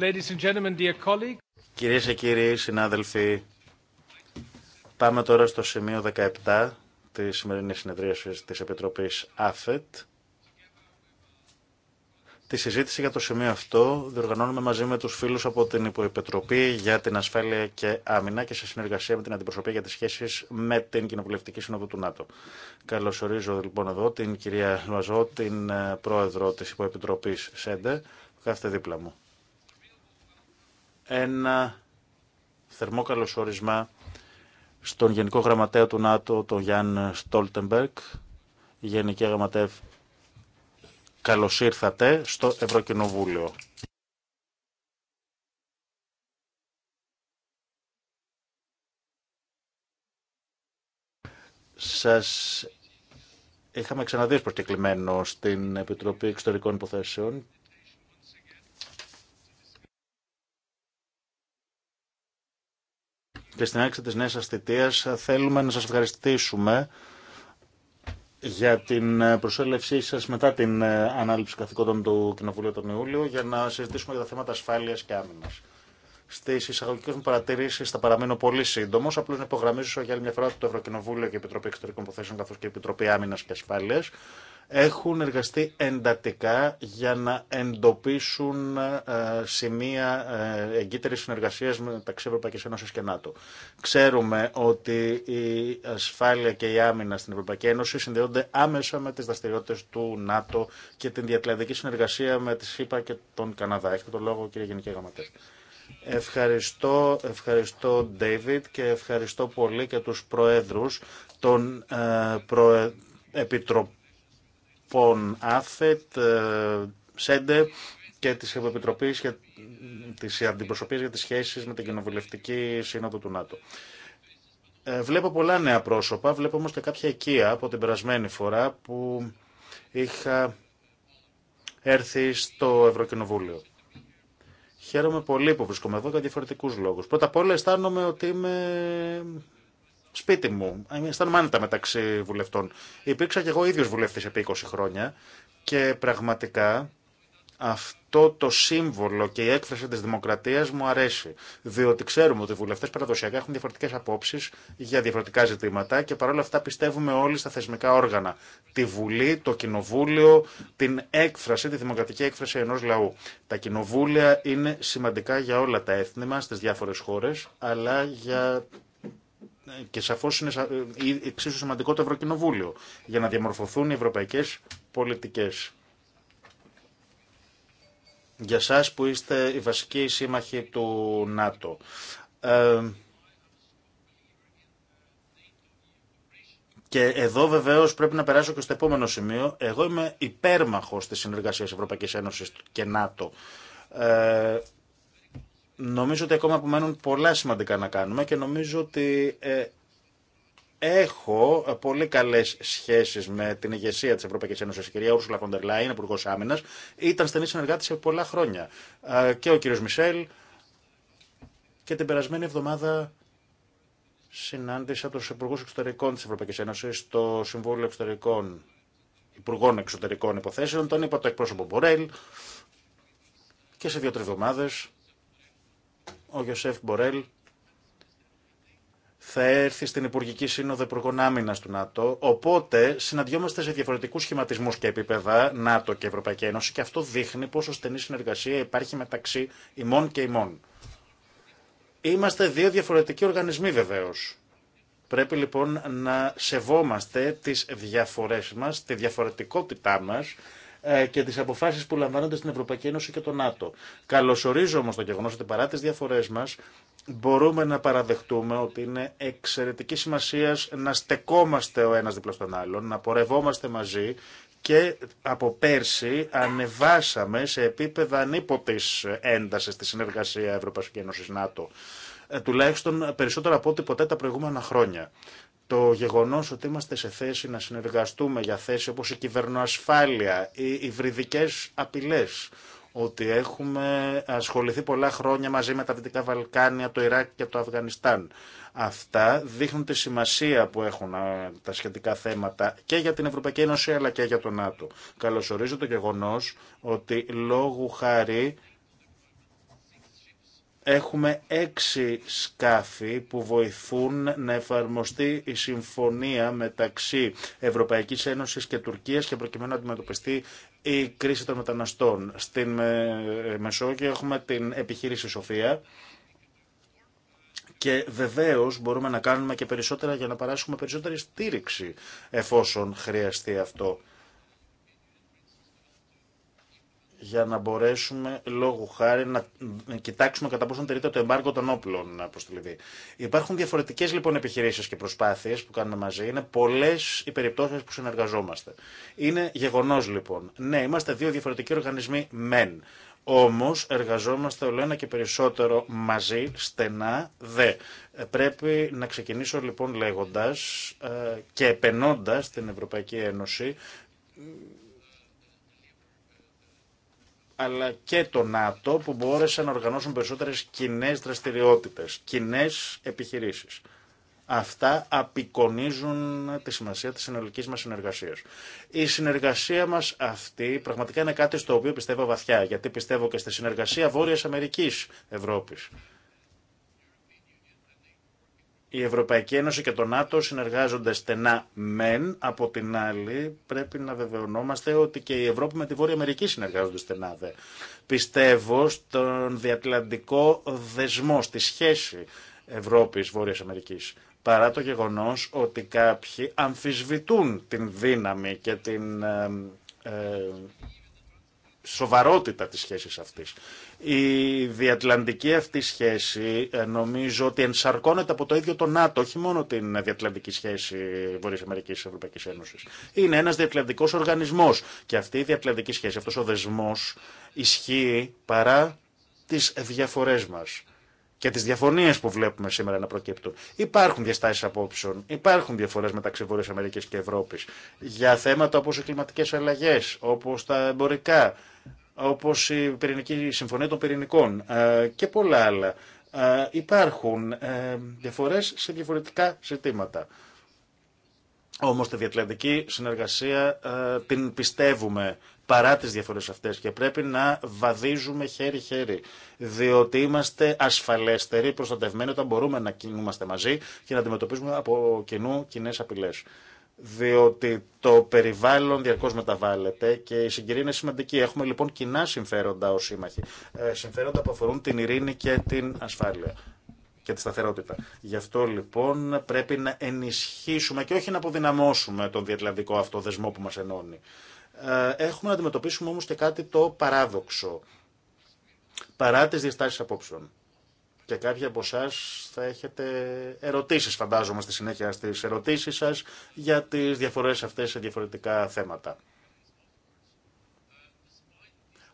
Ladies Κυρίες και κύριοι συνάδελφοι, πάμε τώρα στο σημείο 17 της σημερινής συνεδρίασης της Επιτροπής ΑΦΕΤ. Τη συζήτηση για το σημείο αυτό διοργανώνουμε μαζί με του φίλου από την Υποεπιτροπή για την Ασφάλεια και Άμυνα και σε συνεργασία με την Αντιπροσωπεία για τι σχέσει με την Κοινοβουλευτική Σύνοδο του ΝΑΤΟ. Καλωσορίζω λοιπόν εδώ την κυρία Λουαζό, την ε, πρόεδρο τη Υποεπιτροπή ΣΕΝΤΕ, κάθε δίπλα μου. Ένα θερμό καλωσόρισμα στον Γενικό Γραμματέα του ΝΑΤΟ, τον Γιάνν Στόλτεμπερκ, Γενική Γραμματεύ Καλώς ήρθατε στο Ευρωκοινοβούλιο. Σας είχαμε ξαναδεί ως προσκεκλημένο στην Επιτροπή Εξωτερικών Υποθέσεων και στην της νέας αστητείας θέλουμε να σας ευχαριστήσουμε για την ε, προσέλευσή σα μετά την ε, ανάληψη καθηκόντων του Κοινοβουλίου τον Ιούλιο για να συζητήσουμε για τα θέματα ασφάλεια και άμυνα. Στι εισαγωγικέ μου παρατηρήσει θα παραμείνω πολύ σύντομο. Απλώ να υπογραμμίσω για άλλη μια φορά το Ευρωκοινοβούλιο και η Επιτροπή Εξωτερικών Προθέσεων, καθώ και η Επιτροπή Άμυνα και Ασφάλεια έχουν εργαστεί εντατικά για να εντοπίσουν ε, σημεία ε, εγκύτερης συνεργασίας μεταξύ Ευρωπαϊκής Ένωσης και ΝΑΤΟ. Ξέρουμε ότι η ασφάλεια και η άμυνα στην Ευρωπαϊκή Ένωση συνδέονται άμεσα με τις δραστηριότητες του ΝΑΤΟ και την διατλαντική συνεργασία με τη ΣΥΠΑ και τον Καναδά. Έχετε το λόγο κύριε Γενική Γραμματέα. Ευχαριστώ, ευχαριστώ David και ευχαριστώ πολύ και τους προέδρους των ε, επιτροπών λοιπόν ΑΦΕΤ, ε, ΣΕΝΤΕ και της Ευρωεπιτροπής για τις αντιπροσωπείες για τις σχέσεις με την Κοινοβουλευτική Σύνοδο του ΝΑΤΟ. Ε, βλέπω πολλά νέα πρόσωπα, βλέπω όμως και κάποια οικεία από την περασμένη φορά που είχα έρθει στο Ευρωκοινοβούλιο. Χαίρομαι πολύ που βρίσκομαι εδώ για διαφορετικού λόγου. Πρώτα απ' όλα αισθάνομαι ότι είμαι σπίτι μου. Αισθάνομαι άνετα μεταξύ βουλευτών. Υπήρξα και εγώ ίδιο βουλευτή επί 20 χρόνια και πραγματικά αυτό το σύμβολο και η έκφραση τη δημοκρατία μου αρέσει. Διότι ξέρουμε ότι οι βουλευτέ παραδοσιακά έχουν διαφορετικέ απόψει για διαφορετικά ζητήματα και παρόλα αυτά πιστεύουμε όλοι στα θεσμικά όργανα. Τη Βουλή, το Κοινοβούλιο, την έκφραση, τη δημοκρατική έκφραση ενό λαού. Τα κοινοβούλια είναι σημαντικά για όλα τα έθνη μα στι διάφορε χώρε, αλλά για και σαφώς είναι ε, εξίσου σημαντικό το Ευρωκοινοβούλιο για να διαμορφωθούν οι ευρωπαϊκές πολιτικές. Για σας που είστε οι βασικοί σύμμαχοι του ΝΑΤΟ. Ε, και εδώ βεβαίως πρέπει να περάσω και στο επόμενο σημείο. Εγώ είμαι υπέρμαχος της συνεργασίας Ευρωπαϊκής Ένωσης και ΝΑΤΟ. Ε, Νομίζω ότι ακόμα απομένουν πολλά σημαντικά να κάνουμε και νομίζω ότι ε, έχω πολύ καλέ σχέσει με την ηγεσία τη Ευρωπαϊκή Ένωση. Η κυρία Ούρσουλα Φοντερλά είναι Υπουργό Άμυνα, ήταν στενή συνεργάτη σε πολλά χρόνια. Ε, και ο κύριο Μισελ. Και την περασμένη εβδομάδα συνάντησα του Υπουργού Εξωτερικών τη Ευρωπαϊκή Ένωση στο Συμβούλιο Εξωτερικών Υπουργών Εξωτερικών Υποθέσεων. Τον είπα το εκπρόσωπο Μπορέλ. Και σε δύο-τρει εβδομάδε ο Γιωσέφ Μπορέλ θα έρθει στην Υπουργική Σύνοδο Υπουργών Άμυνα του ΝΑΤΟ. Οπότε συναντιόμαστε σε διαφορετικού σχηματισμού και επίπεδα ΝΑΤΟ και Ευρωπαϊκή Ένωση και αυτό δείχνει πόσο στενή συνεργασία υπάρχει μεταξύ ημών και ημών. Είμαστε δύο διαφορετικοί οργανισμοί βεβαίω. Πρέπει λοιπόν να σεβόμαστε τις διαφορές μας, τη διαφορετικότητά μας ε, και τι αποφάσει που λαμβάνονται στην Ευρωπαϊκή Ένωση και το ΝΑΤΟ. Καλωσορίζω όμω το γεγονό ότι παρά τι διαφορέ μα μπορούμε να παραδεχτούμε ότι είναι εξαιρετική σημασία να στεκόμαστε ο ένα δίπλα στον άλλον, να πορευόμαστε μαζί και από πέρσι ανεβάσαμε σε επίπεδα ανίποτη ένταση τη συνεργασία Ευρωπαϊκή Ένωση ΝΑΤΟ ε, τουλάχιστον περισσότερο από ό,τι ποτέ τα προηγούμενα χρόνια. Το γεγονό ότι είμαστε σε θέση να συνεργαστούμε για θέσει όπω η κυβερνοασφάλεια, οι υβριδικέ απειλέ, ότι έχουμε ασχοληθεί πολλά χρόνια μαζί με τα Δυτικά Βαλκάνια, το Ιράκ και το Αφγανιστάν. Αυτά δείχνουν τη σημασία που έχουν ε, τα σχετικά θέματα και για την Ευρωπαϊκή Ένωση αλλά και για τον ΝΑΤΟ. Καλωσορίζω το γεγονός ότι λόγου χάρη Έχουμε έξι σκάφη που βοηθούν να εφαρμοστεί η συμφωνία μεταξύ Ευρωπαϊκής Ένωσης και Τουρκίας και προκειμένου να αντιμετωπιστεί η κρίση των μεταναστών. Στην Μεσόγειο έχουμε την επιχείρηση Σοφία και βεβαίως μπορούμε να κάνουμε και περισσότερα για να παράσχουμε περισσότερη στήριξη εφόσον χρειαστεί αυτό για να μπορέσουμε λόγω χάρη να κοιτάξουμε κατά πόσο τηρείται το εμπάργκο των όπλων προ τη Λιβύη. Υπάρχουν διαφορετικέ λοιπόν επιχειρήσει και προσπάθειε που κάνουμε μαζί. Είναι πολλέ οι περιπτώσει που συνεργαζόμαστε. Είναι γεγονό λοιπόν. Ναι, είμαστε δύο διαφορετικοί οργανισμοί μεν. Όμω εργαζόμαστε όλο ένα και περισσότερο μαζί, στενά, δε. Ε, πρέπει να ξεκινήσω λοιπόν λέγοντα ε, και επενώντα την Ευρωπαϊκή Ένωση αλλά και το ΝΑΤΟ που μπόρεσαν να οργανώσουν περισσότερες κοινέ δραστηριότητες, κοινέ επιχειρήσεις. Αυτά απεικονίζουν τη σημασία της συνολική μας συνεργασίας. Η συνεργασία μας αυτή πραγματικά είναι κάτι στο οποίο πιστεύω βαθιά, γιατί πιστεύω και στη συνεργασία Βόρειας Αμερικής Ευρώπης η Ευρωπαϊκή Ένωση και το ΝΑΤΟ συνεργάζονται στενά μεν, από την άλλη πρέπει να βεβαιωνόμαστε ότι και η Ευρώπη με τη Βόρεια Αμερική συνεργάζονται στενά δε. Πιστεύω στον διατλαντικό δεσμό, στη σχέση Ευρώπης-Βόρειας Αμερικής παρά το γεγονός ότι κάποιοι αμφισβητούν την δύναμη και την ε, ε σοβαρότητα της σχέσης αυτής. Η διατλαντική αυτή σχέση ε, νομίζω ότι ενσαρκώνεται από το ίδιο το ΝΑΤΟ, όχι μόνο την διατλαντική σχέση Βορείας Αμερικής Ευρωπαϊκής Ένωσης. Είναι ένας διατλαντικός οργανισμός και αυτή η διατλαντική σχέση, αυτός ο δεσμός ισχύει παρά τις διαφορές μας και τις διαφωνίες που βλέπουμε σήμερα να προκύπτουν. Υπάρχουν διαστάσεις απόψεων, υπάρχουν διαφορές μεταξύ Βόρειας Αμερικής και Ευρώπης για θέματα όπως οι κλιματικές αλλαγές, όπως τα εμπορικά, όπως η Πυρηνική Συμφωνία των Πυρηνικών ε, και πολλά άλλα. Ε, υπάρχουν ε, διαφορές σε διαφορετικά ζητήματα. Όμως τη διατλαντική συνεργασία την πιστεύουμε παρά τις διαφορές αυτές και πρέπει να βαδίζουμε χέρι-χέρι, διότι είμαστε ασφαλέστεροι, προστατευμένοι όταν μπορούμε να κινούμαστε μαζί και να αντιμετωπίζουμε από κοινού κοινέ απειλές διότι το περιβάλλον διαρκώ μεταβάλλεται και η συγκυρία είναι σημαντική. Έχουμε λοιπόν κοινά συμφέροντα ως σύμμαχοι, ε, συμφέροντα που αφορούν την ειρήνη και την ασφάλεια και τη σταθερότητα. Γι' αυτό λοιπόν πρέπει να ενισχύσουμε και όχι να αποδυναμώσουμε τον διατλαντικό αυτό δεσμό που μας ενώνει. Ε, έχουμε να αντιμετωπίσουμε όμω και κάτι το παράδοξο, παρά τι διαστάσει απόψεων. Και κάποιοι από εσά θα έχετε ερωτήσεις, φαντάζομαι, στη συνέχεια στις ερωτήσεις σας για τις διαφορές αυτές σε διαφορετικά θέματα.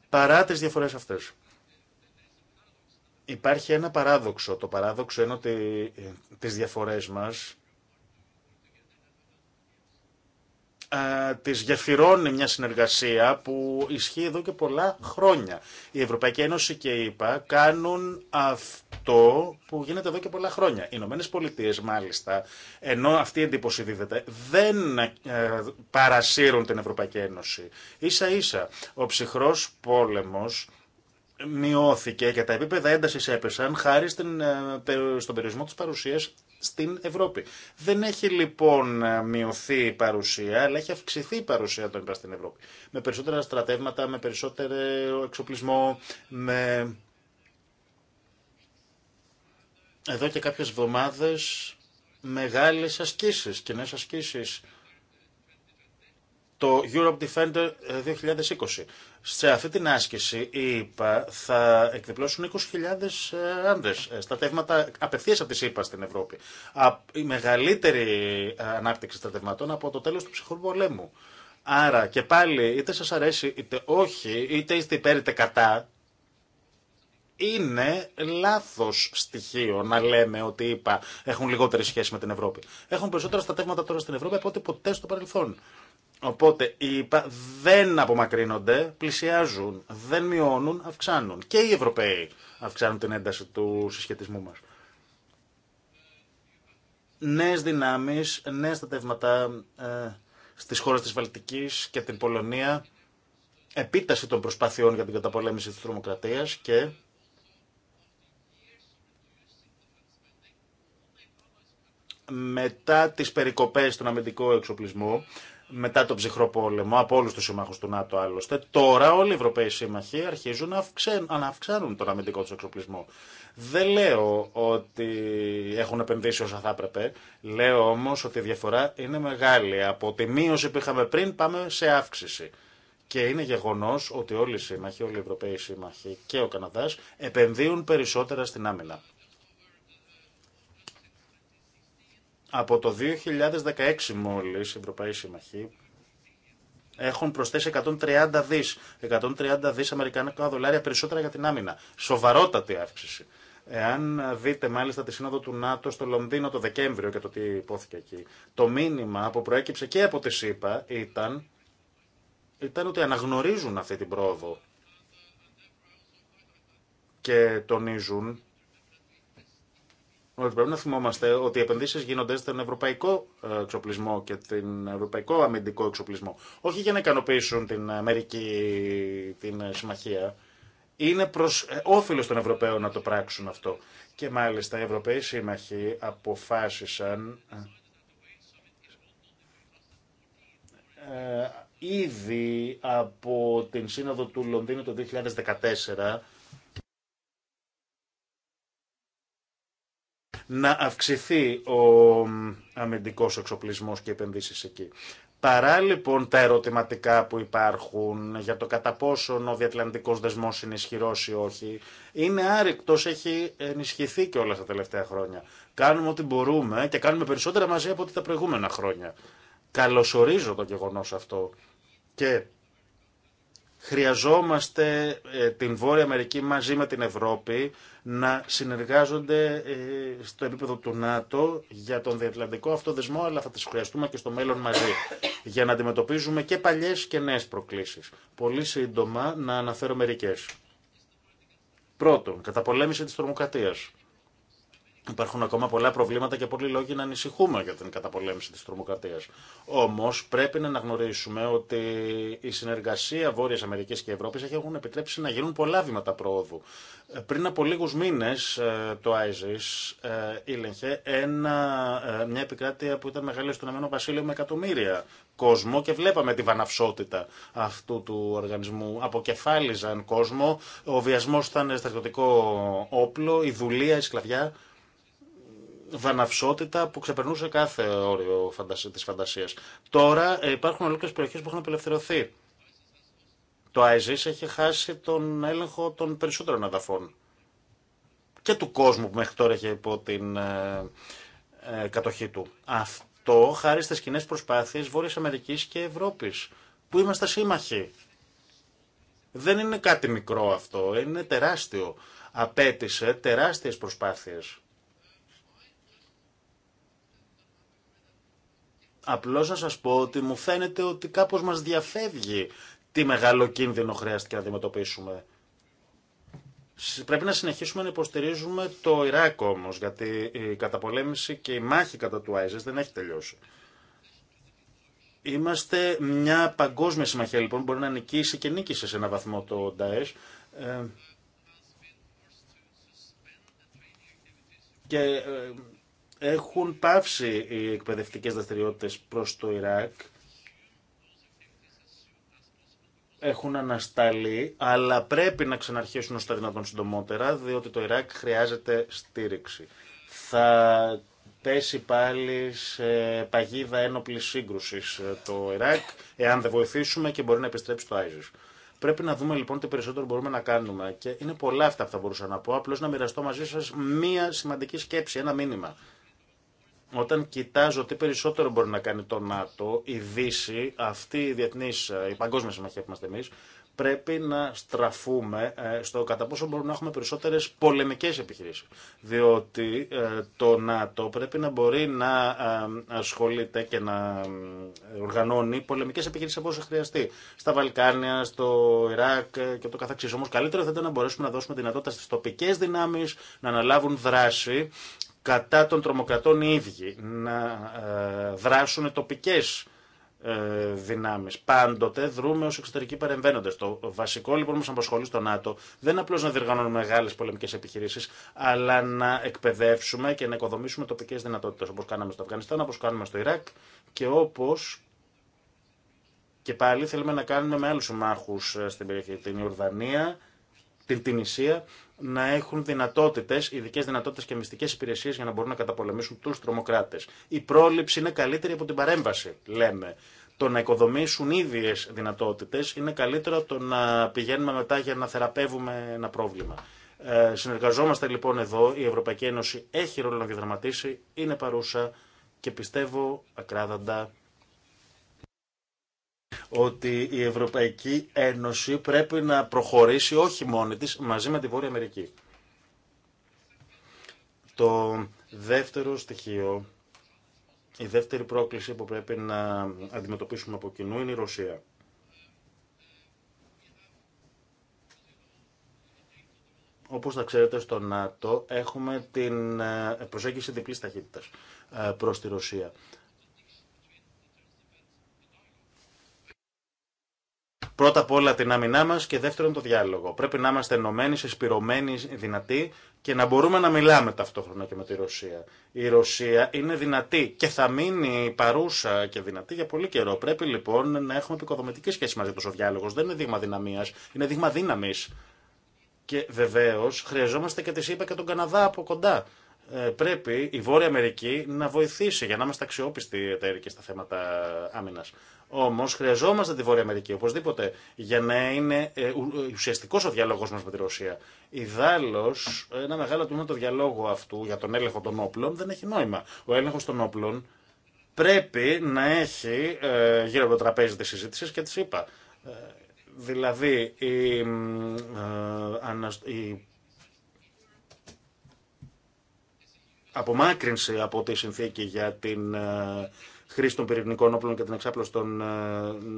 Παρά τις διαφορές αυτές. Υπάρχει ένα παράδοξο. Το παράδοξο είναι ότι ε, τις διαφορές μας τις γεφυρώνει μια συνεργασία που ισχύει εδώ και πολλά χρόνια. Η Ευρωπαϊκή Ένωση και η ΕΠΑ κάνουν αυτό το που γίνεται εδώ και πολλά χρόνια. Οι Ηνωμένε Πολιτείε, μάλιστα, ενώ αυτή η εντύπωση δίδεται, δεν ε, παρασύρουν την Ευρωπαϊκή Ένωση. σα ίσα, ο ψυχρό πόλεμο μειώθηκε και τα επίπεδα ένταση έπεσαν χάρη ε, στον περιορισμό τη παρουσία στην Ευρώπη. Δεν έχει λοιπόν ε, μειωθεί η παρουσία, αλλά έχει αυξηθεί η παρουσία των στην Ευρώπη. Με περισσότερα στρατεύματα, με περισσότερο εξοπλισμό, με εδώ και κάποιες εβδομάδες μεγάλες ασκήσεις, κοινέ ασκήσεις. Το Europe Defender 2020. Ε, Σε αυτή την άσκηση, η ΕΠΑ θα εκδιπλώσουν 20.000 ε, άνδρες, ε, στρατεύματα απευθείας από τις ΕΠΑ στην Ευρώπη. Η μεγαλύτερη ανάπτυξη στρατευματών από το τέλος του ψυχρού πολέμου. Άρα και πάλι είτε σας αρέσει είτε όχι, είτε είστε υπέρ είτε κατά, είναι λάθος στοιχείο να λέμε ότι είπα έχουν λιγότερη σχέση με την Ευρώπη. Έχουν περισσότερα στατεύματα τώρα στην Ευρώπη από ό,τι ποτέ στο παρελθόν. Οπότε οι ΙΠΑ δεν απομακρύνονται, πλησιάζουν, δεν μειώνουν, αυξάνουν. Και οι Ευρωπαίοι αυξάνουν την ένταση του συσχετισμού μας. Νέες δυνάμεις, νέα στατεύματα ε, στις χώρες της Βαλτικής και την Πολωνία, επίταση των προσπαθειών για την καταπολέμηση της τρομοκρατίας και μετά τις περικοπές του αμυντικό εξοπλισμού μετά τον ψυχρό πόλεμο, από όλου του συμμάχου του ΝΑΤΟ άλλωστε, τώρα όλοι οι Ευρωπαίοι σύμμαχοι αρχίζουν να, αυξάνουν, να αυξάνουν τον αμυντικό του εξοπλισμό. Δεν λέω ότι έχουν επενδύσει όσα θα έπρεπε. Λέω όμω ότι η διαφορά είναι μεγάλη. Από τη μείωση που είχαμε πριν πάμε σε αύξηση. Και είναι γεγονό ότι όλοι οι σύμμαχοι, όλοι οι Ευρωπαίοι σύμμαχοι και ο Καναδά επενδύουν περισσότερα στην άμυνα. Από το 2016 μόλις η Ευρωπαϊκή Συμμαχοί έχουν προσθέσει 130 δις, 130 δις αμερικανικά δολάρια περισσότερα για την άμυνα. Σοβαρότατη αύξηση. Εάν δείτε μάλιστα τη σύνοδο του ΝΑΤΟ στο Λονδίνο το Δεκέμβριο και το τι υπόθηκε εκεί, το μήνυμα που προέκυψε και από τη ΣΥΠΑ ήταν, ήταν ότι αναγνωρίζουν αυτή την πρόοδο και τονίζουν ότι πρέπει να θυμόμαστε ότι οι επενδύσει γίνονται στον ευρωπαϊκό ε, εξοπλισμό και τον ευρωπαϊκό αμυντικό εξοπλισμό. Όχι για να ικανοποιήσουν την Αμερική, την συμμαχία. Είναι προ ε, όφελο των Ευρωπαίων να το πράξουν αυτό. Και μάλιστα οι Ευρωπαίοι σύμμαχοι αποφάσισαν ε, ήδη από την Σύνοδο του Λονδίνου το 2014 να αυξηθεί ο αμυντικός εξοπλισμός και οι επενδύσεις εκεί. Παρά λοιπόν τα ερωτηματικά που υπάρχουν για το κατά πόσο ο διατλαντικός δεσμός είναι ισχυρός ή όχι, είναι άρρηκτος, έχει ενισχυθεί και όλα τα τελευταία χρόνια. Κάνουμε ό,τι μπορούμε και κάνουμε περισσότερα μαζί από ό,τι τα προηγούμενα χρόνια. Καλωσορίζω το γεγονός αυτό και Χρειαζόμαστε ε, την Βόρεια Αμερική μαζί με την Ευρώπη να συνεργάζονται ε, στο επίπεδο του ΝΑΤΟ για τον διατλαντικό αυτό δεσμό, αλλά θα τις χρειαστούμε και στο μέλλον μαζί για να αντιμετωπίζουμε και παλιές και νέες προκλήσεις. Πολύ σύντομα να αναφέρω μερικές. Πρώτον, καταπολέμηση της τρομοκρατίας. Υπάρχουν ακόμα πολλά προβλήματα και πολλοί λόγοι να ανησυχούμε για την καταπολέμηση της τρομοκρατίας. Όμως πρέπει να αναγνωρίσουμε ότι η συνεργασία Βόρειας Αμερικής και Ευρώπης έχουν επιτρέψει να γίνουν πολλά βήματα πρόοδου. Ε, πριν από λίγους μήνες ε, το ISIS ε, ήλεγχε μια επικράτεια που ήταν μεγάλη στον Αμένο Βασίλειο με εκατομμύρια κόσμο και βλέπαμε τη βαναυσότητα αυτού του οργανισμού. Αποκεφάλιζαν κόσμο, ο βιασμός ήταν στρατιωτικό όπλο, η δουλεία, η σκλαβιά βαναυσότητα που ξεπερνούσε κάθε όριο της φαντασίας. Τώρα ε, υπάρχουν ολόκληρε περιοχέ που έχουν απελευθερωθεί. Το ΑΕΖΙΣ έχει χάσει τον έλεγχο των περισσότερων εδαφών και του κόσμου που μέχρι τώρα είχε υπό την ε, ε, κατοχή του. Αυτό χάρη στι κοινέ προσπάθειες βόρεια Αμερική και Ευρώπης, που είμαστε σύμμαχοι. Δεν είναι κάτι μικρό αυτό, είναι τεράστιο. Απέτησε τεράστιες προσπάθειες. Απλώς να σας πω ότι μου φαίνεται ότι κάπως μας διαφεύγει τι μεγάλο κίνδυνο χρειάστηκε να αντιμετωπίσουμε. Πρέπει να συνεχίσουμε να υποστηρίζουμε το Ιράκ όμω, γιατί η καταπολέμηση και η μάχη κατά του Άιζες δεν έχει τελειώσει. Είμαστε μια παγκόσμια συμμαχία λοιπόν μπορεί να νικήσει και νίκησε σε ένα βαθμό το ΝΤΑΕΣ. Ε, και ε, έχουν πάυσει οι εκπαιδευτικές δραστηριότητες προς το Ιράκ. Έχουν ανασταλεί, αλλά πρέπει να ξαναρχίσουν ως τα δυνατόν συντομότερα, διότι το Ιράκ χρειάζεται στήριξη. Θα πέσει πάλι σε παγίδα ένοπλη σύγκρουση ε, το Ιράκ, εάν δεν βοηθήσουμε και μπορεί να επιστρέψει το Άιζης. Πρέπει να δούμε λοιπόν τι περισσότερο μπορούμε να κάνουμε. Και είναι πολλά αυτά που θα μπορούσα να πω. Απλώ να μοιραστώ μαζί σα μία σημαντική σκέψη, ένα μήνυμα όταν κοιτάζω τι περισσότερο μπορεί να κάνει το ΝΑΤΟ, η Δύση, αυτή η διεθνής, ε, η παγκόσμια συμμαχία που είμαστε εμεί, πρέπει να στραφούμε ε, στο κατά πόσο μπορούμε να έχουμε περισσότερε πολεμικέ επιχείρησει. Διότι ε, το ΝΑΤΟ πρέπει να μπορεί να ασχολείται και να οργανώνει πολεμικέ επιχειρήσει από όσο χρειαστεί. Στα Βαλκάνια, στο Ιράκ και το καθεξή. Όμω. καλύτερο θα ήταν να μπορέσουμε να δώσουμε δυνατότητα στι τοπικέ δυνάμει, να αναλάβουν δράση κατά των τρομοκρατών οι ίδιοι, να ε, δράσουν τοπικές ε, δυνάμει. Πάντοτε δρούμε ως εξωτερικοί παρεμβαίνοντε. Το βασικό λοιπόν που μα απασχολεί στο ΝΑΤΟ δεν είναι απλώ να διοργανώνουμε μεγάλε πολεμικέ επιχειρήσει, αλλά να εκπαιδεύσουμε και να οικοδομήσουμε τοπικέ δυνατότητε όπω κάναμε στο Αφγανιστάν, όπω κάνουμε στο Ιράκ και όπω και πάλι θέλουμε να κάνουμε με άλλους συμμάχους ε, στην περιοχή, την Ιορδανία, την Τινησία να έχουν δυνατότητε, ειδικέ δυνατότητε και μυστικέ υπηρεσίε για να μπορούν να καταπολεμήσουν του τρομοκράτε. Η πρόληψη είναι καλύτερη από την παρέμβαση, λέμε. Το να οικοδομήσουν ίδιε δυνατότητε είναι καλύτερο από το να πηγαίνουμε μετά για να θεραπεύουμε ένα πρόβλημα. Ε, συνεργαζόμαστε λοιπόν εδώ, η Ευρωπαϊκή Ένωση έχει ρόλο να διαδραματίσει, είναι παρούσα και πιστεύω ακράδαντα ότι η Ευρωπαϊκή Ένωση πρέπει να προχωρήσει όχι μόνη της, μαζί με τη Βόρεια Αμερική. Το δεύτερο στοιχείο, η δεύτερη πρόκληση που πρέπει να αντιμετωπίσουμε από κοινού είναι η Ρωσία. όπως θα ξέρετε στο ΝΑΤΟ έχουμε την ε, προσέγγιση διπλής ταχύτητας ε, προς τη Ρωσία. Πρώτα απ' όλα την άμυνά μα και δεύτερον το διάλογο. Πρέπει να είμαστε ενωμένοι, συσπηρωμένοι, δυνατοί και να μπορούμε να μιλάμε ταυτόχρονα και με τη Ρωσία. Η Ρωσία είναι δυνατή και θα μείνει παρούσα και δυνατή για πολύ καιρό. Πρέπει λοιπόν να έχουμε επικοδομητική σχέση μαζί του ο διάλογο. Δεν είναι δείγμα δυναμία, είναι δείγμα δύναμη. Και βεβαίω χρειαζόμαστε και τη ΣΥΠΑ και τον Καναδά από κοντά. Ε, πρέπει η Βόρεια Αμερική να βοηθήσει για να είμαστε αξιόπιστοι εταίροι και στα θέματα άμυνα. Όμω χρειαζόμαστε τη Βόρεια Αμερική οπωσδήποτε για να είναι ε, ε, ουσιαστικό ο διάλογο μα με τη Ρωσία. Ιδάλω, ένα μεγάλο τμήμα του διαλόγου αυτού για τον έλεγχο των όπλων δεν έχει νόημα. Ο έλεγχο των όπλων πρέπει να έχει ε, γύρω από το τραπέζι τη συζήτηση και τη είπα. Δηλαδή, η, η απομάκρυνση από τη συνθήκη για την χρήση των πυρηνικών όπλων και την εξάπλωση των ε,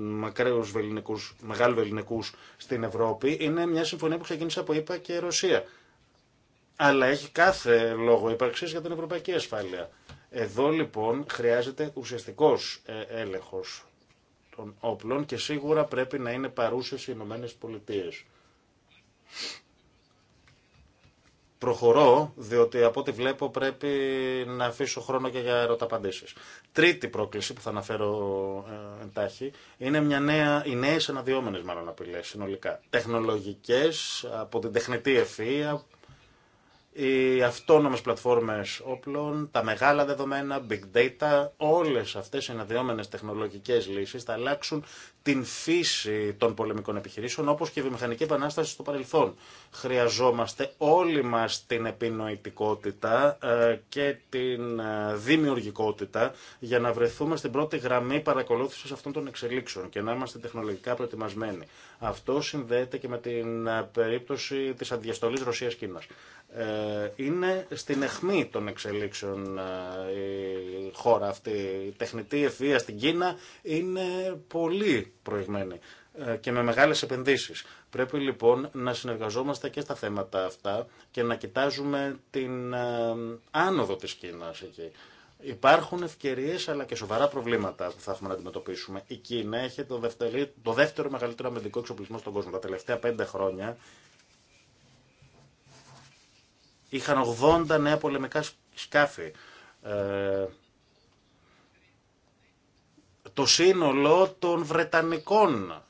μακραίους βεληνικούς, μεγάλου στην Ευρώπη είναι μια συμφωνία που ξεκίνησε από ΕΠΑ και Ρωσία. Αλλά έχει κάθε λόγο ύπαρξη για την ευρωπαϊκή ασφάλεια. Εδώ λοιπόν χρειάζεται ουσιαστικός ε, έλεγχος των όπλων και σίγουρα πρέπει να είναι παρούσε οι Ηνωμένε Πολιτείες προχωρώ, διότι από ό,τι βλέπω πρέπει να αφήσω χρόνο και για ερωταπαντήσεις. Τρίτη πρόκληση που θα αναφέρω ε, εντάχει είναι μια νέα, οι νέε αναδυόμενες μάλλον απειλές συνολικά. Τεχνολογικές, από την τεχνητή ευφυΐα, οι αυτόνομες πλατφόρμες όπλων, τα μεγάλα δεδομένα, big data, όλες αυτές οι αναδυόμενες τεχνολογικές λύσεις θα αλλάξουν την φύση των πολεμικών επιχειρήσεων, όπως και η βιομηχανική επανάσταση στο παρελθόν. Χρειαζόμαστε όλοι μας την επινοητικότητα ε, και την ε, δημιουργικότητα για να βρεθούμε στην πρώτη γραμμή παρακολούθησης αυτών των εξελίξεων και να είμαστε τεχνολογικά προετοιμασμένοι. Αυτό συνδέεται και με την ε, περίπτωση της αντιδιαστολής Ρωσίας-Κίνας. Είναι στην αιχμή των εξελίξεων η χώρα αυτή. Η τεχνητή ευθεία στην Κίνα είναι πολύ προηγμένη ε, και με μεγάλες επενδύσεις. Πρέπει λοιπόν να συνεργαζόμαστε και στα θέματα αυτά και να κοιτάζουμε την ε, άνοδο της Κίνας εκεί. Υπάρχουν ευκαιρίες αλλά και σοβαρά προβλήματα που θα έχουμε να αντιμετωπίσουμε. Η Κίνα έχει το, δευτερο, μεγαλύτερο αμυντικό εξοπλισμό στον κόσμο. Τα τελευταία πέντε χρόνια είχαν 80 νέα πολεμικά σκάφη. Ε, το σύνολο των Βρετανικών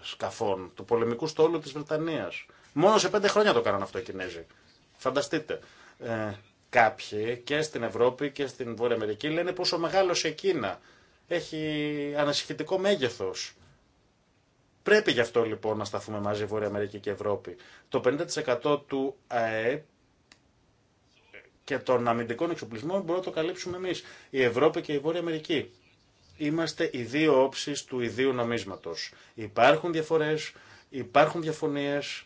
σκαφών, του πολεμικού στόλου της Βρετανίας. Μόνο σε πέντε χρόνια το κάνανε αυτό οι Κινέζοι. Φανταστείτε. Ε, κάποιοι και στην Ευρώπη και στην Βόρεια Αμερική λένε πόσο μεγάλο η Κίνα. Έχει ανασυχητικό μέγεθος. Πρέπει γι' αυτό λοιπόν να σταθούμε μαζί Βόρεια Αμερική και Ευρώπη. Το 50% του ΑΕΠ και των αμυντικών εξοπλισμών μπορούμε να το καλύψουμε εμείς. Η Ευρώπη και η Βόρεια Αμερική είμαστε οι δύο όψεις του ιδίου νομίσματος. Υπάρχουν διαφορές, υπάρχουν διαφωνίες,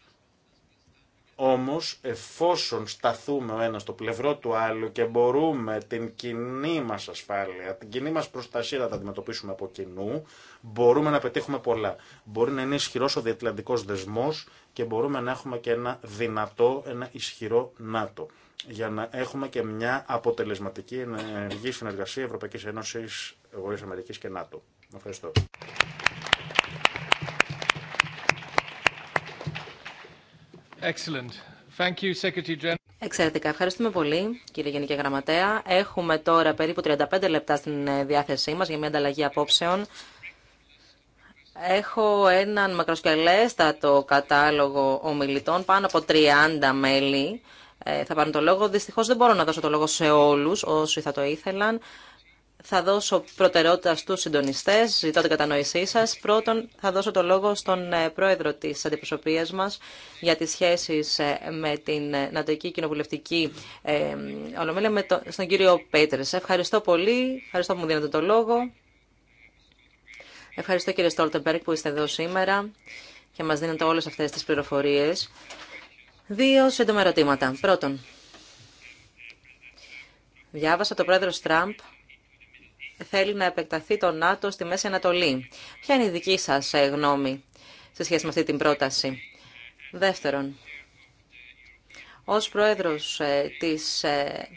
όμως εφόσον σταθούμε ο ένας στο πλευρό του άλλου και μπορούμε την κοινή μας ασφάλεια, την κοινή μας προστασία να τα αντιμετωπίσουμε από κοινού, μπορούμε να πετύχουμε πολλά. Μπορεί να είναι ισχυρό ο διατλαντικός δεσμός και μπορούμε να έχουμε και ένα δυνατό, ένα ισχυρό ΝΑΤΟ για να έχουμε και μια αποτελεσματική ενεργή συνεργασία Ευρωπαϊκής Ένωσης εγώ Αμερικής και ΝΑΤΟ. Ευχαριστώ. Excellent. Thank you, Secretary General. Εξαιρετικά. Ευχαριστούμε πολύ, κύριε Γενική Γραμματέα. Έχουμε τώρα περίπου 35 λεπτά στην ε, διάθεσή μας για μια ανταλλαγή απόψεων. Έχω έναν μακροσκελέστατο κατάλογο ομιλητών, πάνω από 30 μέλη ε, θα πάρουν το λόγο. Δυστυχώς δεν μπορώ να δώσω το λόγο σε όλους όσοι θα το ήθελαν θα δώσω προτεραιότητα στου συντονιστέ, ζητώ την κατανόησή σα, Πρώτον, θα δώσω το λόγο στον ε, πρόεδρο της αντιπροσωπείας μας για τις σχέσει ε, με την Νατοική Κοινοβουλευτική ε, Ολομέλεια, με τον, στον κύριο Πέτρες. Ευχαριστώ πολύ, ευχαριστώ που μου δίνετε το λόγο. Ευχαριστώ κύριε Στόλτεμπεργκ που είστε εδώ σήμερα και μας δίνετε όλες αυτές τις πληροφορίες. Δύο σύντομα ερωτήματα. Πρώτον, διάβασα το πρόεδρο Τραμπ θέλει να επεκταθεί το ΝΑΤΟ στη Μέση Ανατολή. Ποια είναι η δική σας ε, γνώμη σε σχέση με αυτή την πρόταση. Δεύτερον, ως πρόεδρος ε, της ε,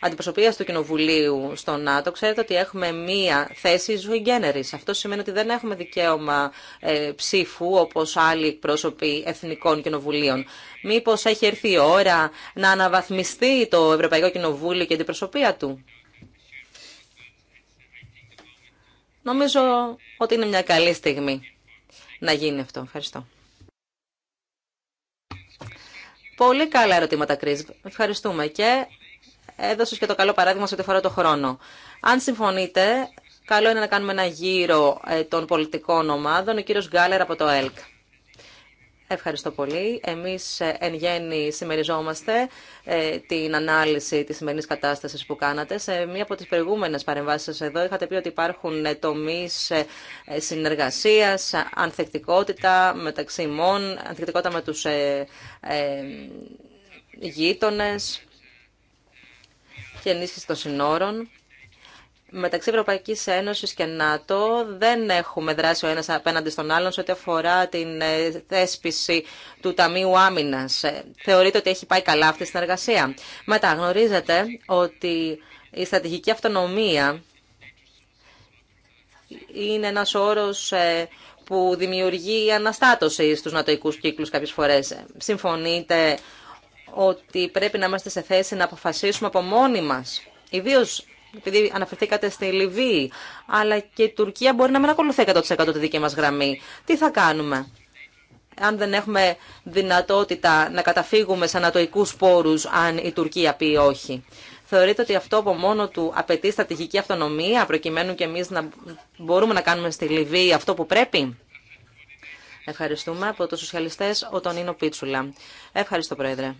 αντιπροσωπείας του Κοινοβουλίου στο ΝΑΤΟ, ξέρετε ότι έχουμε μία θέση ζωή Αυτό σημαίνει ότι δεν έχουμε δικαίωμα ψήφου όπως άλλοι πρόσωποι εθνικών κοινοβουλίων. Μήπως έχει έρθει η ώρα να αναβαθμιστεί το Ευρωπαϊκό Κοινοβούλιο και η αντιπροσωπεία του. Νομίζω ότι είναι μια καλή στιγμή να γίνει αυτό. Ευχαριστώ. Πολύ καλά ερωτήματα, Κρίς. Ευχαριστούμε και έδωσε και το καλό παράδειγμα σε ό,τι φορά το χρόνο. Αν συμφωνείτε, καλό είναι να κάνουμε ένα γύρο ε, των πολιτικών ομάδων. Ο κύριος Γκάλερ από το ΕΛΚ. Ευχαριστώ πολύ. Εμείς ε, εν γέννη συμμεριζόμαστε ε, την ανάλυση της σημερινής κατάστασης που κάνατε. Σε μία από τις προηγούμενες παρεμβάσεις εδώ είχατε πει ότι υπάρχουν ε, τομείς συνεργασίας, ανθεκτικότητα μεταξύ ημών, ανθεκτικότητα με τους ε, γείτονες και ενίσχυση των συνόρων μεταξύ Ευρωπαϊκή Ένωση και ΝΑΤΟ δεν έχουμε δράσει ο ένα απέναντι στον άλλον σε ό,τι αφορά την ε, θέσπιση του Ταμείου Άμυνα. Ε, θεωρείτε ότι έχει πάει καλά αυτή η συνεργασία. Μετά γνωρίζετε ότι η στρατηγική αυτονομία είναι ένα όρο ε, που δημιουργεί αναστάτωση στους νατοικούς κύκλους κάποιες φορές. Συμφωνείτε ότι πρέπει να είμαστε σε θέση να αποφασίσουμε από μόνοι μας, επειδή αναφερθήκατε στη Λιβύη, αλλά και η Τουρκία μπορεί να μην ακολουθεί 100% τη δική μας γραμμή. Τι θα κάνουμε αν δεν έχουμε δυνατότητα να καταφύγουμε σε ανατοϊκού πόρου αν η Τουρκία πει όχι. Θεωρείτε ότι αυτό από μόνο του απαιτεί στρατηγική αυτονομία, προκειμένου και εμεί να μπορούμε να κάνουμε στη Λιβύη αυτό που πρέπει. Ευχαριστούμε από του σοσιαλιστές ο Τονίνο Πίτσουλα. Ευχαριστώ Πρόεδρε.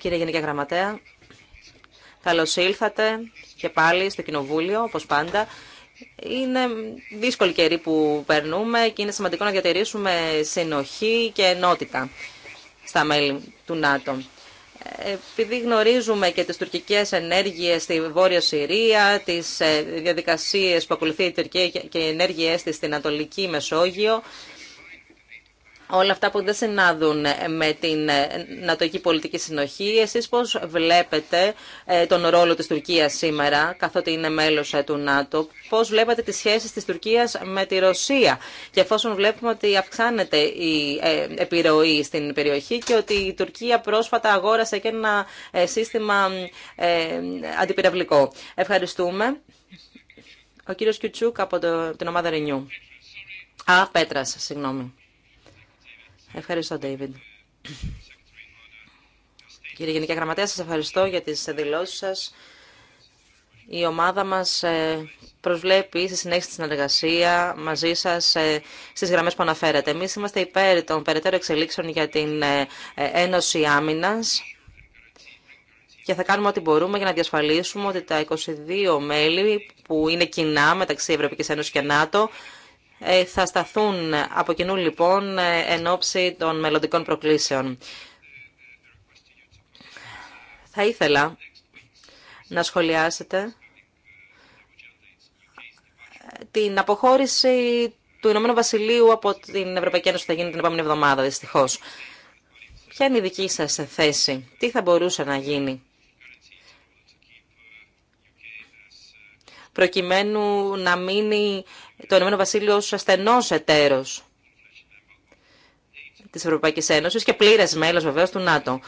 Κύριε Γενική Γραμματέα, καλώ ήλθατε και πάλι στο Κοινοβούλιο, όπως πάντα, είναι δύσκολη καιρή που περνούμε και είναι σημαντικό να διατηρήσουμε συνοχή και ενότητα στα μέλη του ΝΑΤΟ. Επειδή γνωρίζουμε και τις τουρκικές ενέργειες στη Βόρεια Συρία, τις ε, διαδικασίες που ακολουθεί η Τουρκία και οι ενέργειές της στην Ανατολική Μεσόγειο, όλα αυτά που δεν συνάδουν ε, με την ε, νατοική πολιτική συνοχή. Εσείς πώς βλέπετε ε, τον ρόλο της Τουρκίας σήμερα, καθότι είναι μέλος του ΝΑΤΟ, πώς βλέπετε τις σχέσεις της Τουρκίας με τη Ρωσία και εφόσον βλέπουμε ότι αυξάνεται η επιρροή στην περιοχή και ότι η Τουρκία πρόσφατα αγόρασε και ένα σύστημα αντιπυραυλικό. Ευχαριστούμε. Ο κύριος Κιουτσούκ από την ομάδα Ρενιού. Α, Πέτρας, συγγνώμη. Ευχαριστώ, David. Κύριε Γενική Γραμματέα, σας ευχαριστώ για τις δηλώσεις σας. Η ομάδα μας ε, προσβλέπει στη συνέχιση της συνεργασία μαζί σας ε, στις γραμμές που αναφέρατε. Εμείς είμαστε υπέρ των περαιτέρω εξελίξεων για την ε, Ένωση Άμυνας και θα κάνουμε ό,τι μπορούμε για να διασφαλίσουμε ότι τα 22 μέλη που είναι κοινά μεταξύ Ευρωπαϊκής Ένωσης και ΝΑΤΟ ε, θα σταθούν από κοινού λοιπόν ε, εν ώψη των μελλοντικών προκλήσεων. Θα ήθελα να σχολιάσετε ε, την αποχώρηση του Ηνωμένου Βασιλείου από την Ευρωπαϊκή Ένωση που θα γίνει την επόμενη εβδομάδα, δυστυχώς. Ποια είναι η δική σα θέση, τι θα μπορούσε να γίνει, προκειμένου να μείνει το Ηνωμένο Βασίλειο ως ασθενός εταίρος της Ευρωπαϊκής Ένωσης και πλήρες μέλος βεβαίως του ΝΑΤΟ.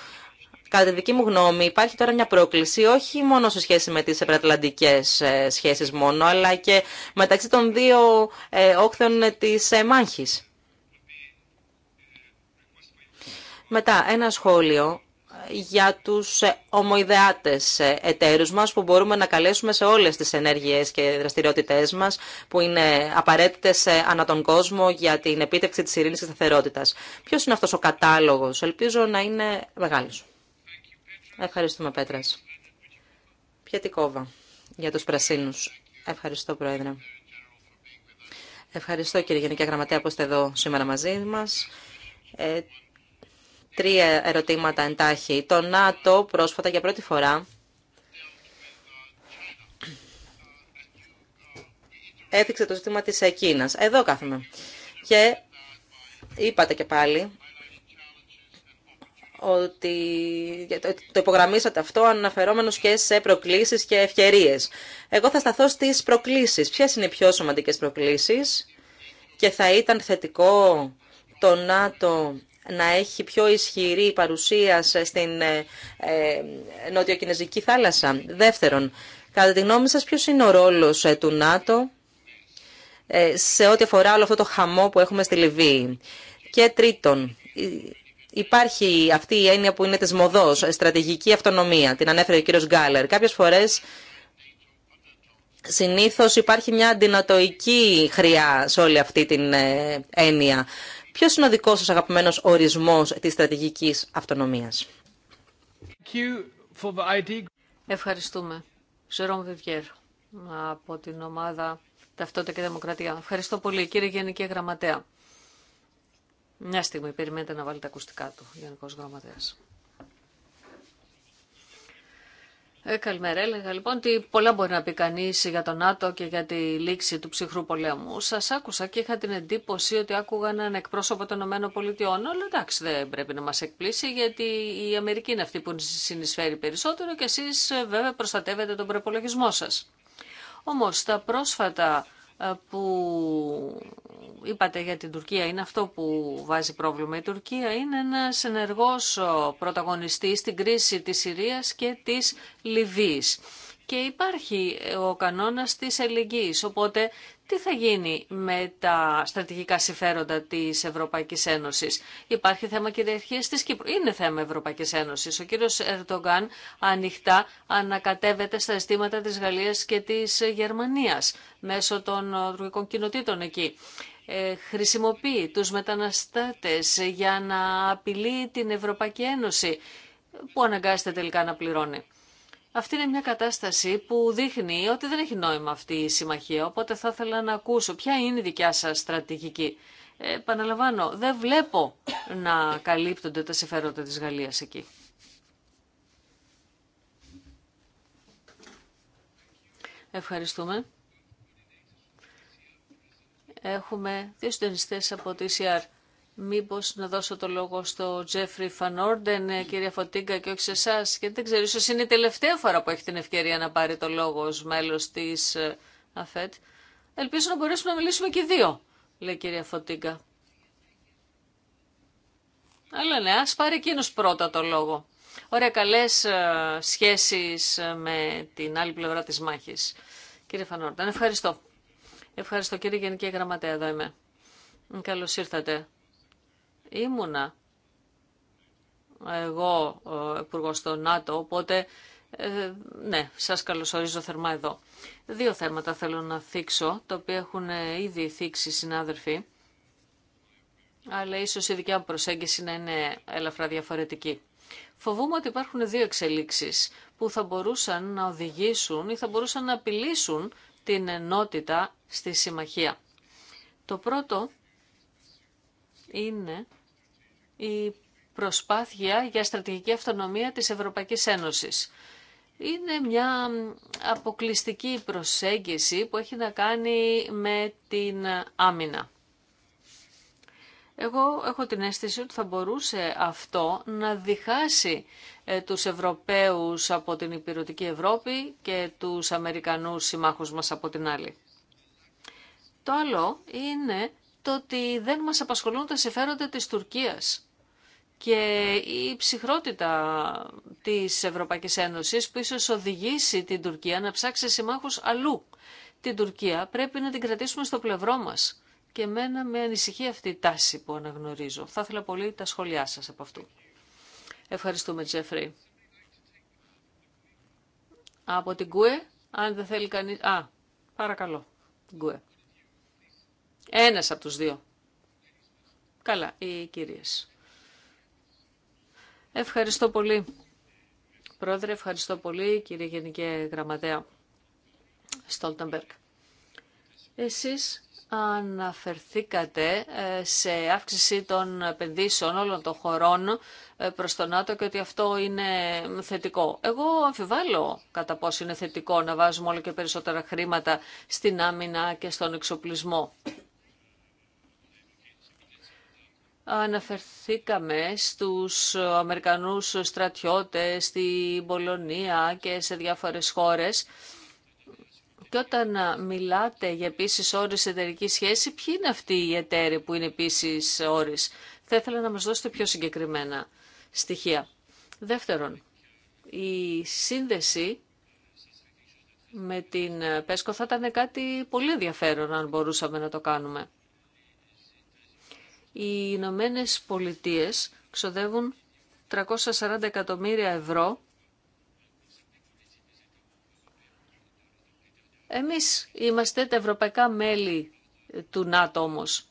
Κατά τη δική μου γνώμη υπάρχει τώρα μια πρόκληση όχι μόνο σε σχέση με τις ευρωατλαντικές ε, σχέσεις μόνο αλλά και μεταξύ των δύο ε, όχθων της ε, μάχης. Μετά ένα σχόλιο για τους ε, ομοειδεάτες ε, εταίρους μας που μπορούμε να καλέσουμε σε όλες τις ενέργειες και δραστηριότητές μας που είναι απαραίτητες ε, ανά τον κόσμο για την επίτευξη της ειρήνης και σταθερότητας. Ποιος είναι αυτός ο κατάλογος. Ελπίζω να είναι μεγάλος. Ευχαριστούμε Πέτρας. Πιατικόβα για τους πρασίνους. Ευχαριστώ Πρόεδρε. Ευχαριστώ κύριε Γενική Γραμματέα που είστε εδώ σήμερα μαζί μας τρία ερωτήματα εντάχει. Το ΝΑΤΟ πρόσφατα για πρώτη φορά έδειξε το ζήτημα της Κίνας. Εδώ κάθομαι. Και είπατε και πάλι ότι το υπογραμμίσατε αυτό αναφερόμενος και σε προκλήσεις και ευκαιρίες. Εγώ θα σταθώ στις προκλήσεις. Ποιες είναι οι πιο σωματικές προκλήσεις και θα ήταν θετικό το ΝΑΤΟ να έχει πιο ισχυρή παρουσία στην ε, ε, νότιο-κινέζικη θάλασσα. Δεύτερον, κατά τη γνώμη σας, ποιος είναι ο ρόλος ε, του ΝΑΤΟ σε ό,τι αφορά όλο αυτό το χαμό που έχουμε στη Λιβύη. Και τρίτον, υπάρχει αυτή η έννοια που είναι της μοδός, στρατηγική αυτονομία. Την ανέφερε ο κύριος Γκάλερ. Κάποιες φορές συνήθως υπάρχει μια αντινατοική χρειά σε όλη αυτή την έννοια. Ποιος είναι ο δικός σας αγαπημένος ορισμός της στρατηγικής αυτονομίας. Ευχαριστούμε. Ζερόμ Βιβιέρ από την ομάδα Ταυτότητα και Δημοκρατία. Ευχαριστώ πολύ κύριε Γενική Γραμματέα. Μια στιγμή περιμένετε να βάλετε ακουστικά του Γενικό Γραμματέας. Ε, Καλημέρα, έλεγα λοιπόν ότι πολλά μπορεί να πει κανεί για τον ΝΑΤΟ και για τη λήξη του ψυχρού πολέμου. Σα άκουσα και είχα την εντύπωση ότι άκουγα έναν εκπρόσωπο των ΗΠΑ, αλλά εντάξει δεν πρέπει να μα εκπλήσει γιατί η Αμερική είναι αυτή που συνεισφέρει περισσότερο και εσεί ε, βέβαια προστατεύετε τον προπολογισμό σα. Όμω τα πρόσφατα ε, που είπατε για την Τουρκία είναι αυτό που βάζει πρόβλημα. Η Τουρκία είναι ένας ενεργός ε, πρωταγωνιστής στην κρίση της Συρίας και της Λιβύης και υπάρχει ο κανόνας της ελληνικής. Οπότε τι θα γίνει με τα στρατηγικά συμφέροντα της Ευρωπαϊκής Ένωσης. Υπάρχει θέμα κυριαρχίας της Κύπρου. Είναι θέμα Ευρωπαϊκής Ένωσης. Ο κύριος Ερντογκάν ανοιχτά ανακατεύεται στα αισθήματα της Γαλλίας και της Γερμανίας μέσω των τουρκικών κοινοτήτων εκεί. Ε, χρησιμοποιεί τους μεταναστάτες για να απειλεί την Ευρωπαϊκή Ένωση που αναγκάζεται τελικά να πληρώνει. Αυτή είναι μια κατάσταση που δείχνει ότι δεν έχει νόημα αυτή η συμμαχία, οπότε θα ήθελα να ακούσω ποια είναι η δικιά σας στρατηγική. Ε, επαναλαμβάνω, δεν βλέπω να καλύπτονται τα συμφέροντα της Γαλλίας εκεί. Ευχαριστούμε. Έχουμε δύο συντονιστές από τη ECR. Μήπως να δώσω το λόγο στο Τζέφρι Φανόρντεν, ε, κυρία Φωτίγκα, και όχι σε εσά. Και δεν ξέρω, ίσως είναι η τελευταία φορά που έχει την ευκαιρία να πάρει το λόγο ως μέλος της ε, ΑΦΕΤ. Ελπίζω να μπορέσουμε να μιλήσουμε και δύο, λέει κυρία Φωτίγκα. Αλλά ναι, ας πάρει εκείνο πρώτα το λόγο. Ωραία, καλές ε, σχέσεις με την άλλη πλευρά της μάχης. Κύριε Φανόρντεν, ευχαριστώ. Ευχαριστώ κύριε Γενική Γραμματέα, εδώ είμαι. Καλώς ήρθατε ήμουνα εγώ ε, υπουργό στο ΝΑΤΟ, οπότε ε, ναι, σας καλωσορίζω θερμά εδώ. Δύο θέματα θέλω να θίξω, τα οποία έχουν ε, ήδη θίξει οι συνάδελφοι, αλλά ίσως η δικιά μου προσέγγιση να είναι ελαφρά διαφορετική. Φοβούμαι ότι υπάρχουν δύο εξελίξεις που θα μπορούσαν να οδηγήσουν ή θα μπορούσαν να απειλήσουν την ενότητα στη συμμαχία. Το πρώτο είναι η προσπάθεια για στρατηγική αυτονομία της Ευρωπαϊκής Ένωσης. Είναι μια αποκλειστική προσέγγιση που έχει να κάνει με την άμυνα. Εγώ έχω την αίσθηση ότι θα μπορούσε αυτό να διχάσει ε, τους Ευρωπαίους από την υπηρετική Ευρώπη και τους Αμερικανούς συμμάχους μας από την άλλη. Το άλλο είναι το ότι δεν μας απασχολούν τα συμφέροντα της Τουρκίας και η ψυχρότητα της Ευρωπαϊκής Ένωσης που ίσως οδηγήσει την Τουρκία να ψάξει συμμάχους αλλού. Την Τουρκία πρέπει να την κρατήσουμε στο πλευρό μας και εμένα με ανησυχεί αυτή η τάση που αναγνωρίζω. Θα ήθελα πολύ τα σχόλιά σας από αυτού. Ευχαριστούμε Τζέφρι. Από την ΚΟΕ, αν δεν θέλει κανείς... Α, παρακαλώ, την ΚΟΕ. Ένας από τους δύο. Καλά, οι κυρίες. Ευχαριστώ πολύ. Πρόεδρε, ευχαριστώ πολύ κύριε Γενική Γραμματέα Στόλτεμπερκ. Εσείς αναφερθήκατε ε, σε αύξηση των επενδύσεων όλων των χωρών ε, προς τον ΝΑΤΟ και ότι αυτό είναι θετικό. Εγώ αμφιβάλλω κατά πόσο είναι θετικό να βάζουμε όλο και περισσότερα χρήματα στην άμυνα και στον εξοπλισμό. Αναφερθήκαμε στους Αμερικανούς στρατιώτες στη Πολωνία και σε διάφορες χώρες. Και όταν μιλάτε για επίση όρε εταιρική σχέση, ποιοι είναι αυτοί οι εταίροι που είναι επίση όρε. Θα ήθελα να μας δώσετε πιο συγκεκριμένα στοιχεία. Δεύτερον, η σύνδεση με την ΠΕΣΚΟ θα ήταν κάτι πολύ ενδιαφέρον αν μπορούσαμε να το κάνουμε. Οι Ηνωμένε Πολιτείε ξοδεύουν 340 εκατομμύρια ευρώ. Εμείς είμαστε τα ευρωπαϊκά μέλη του ΝΑΤΟ όμως.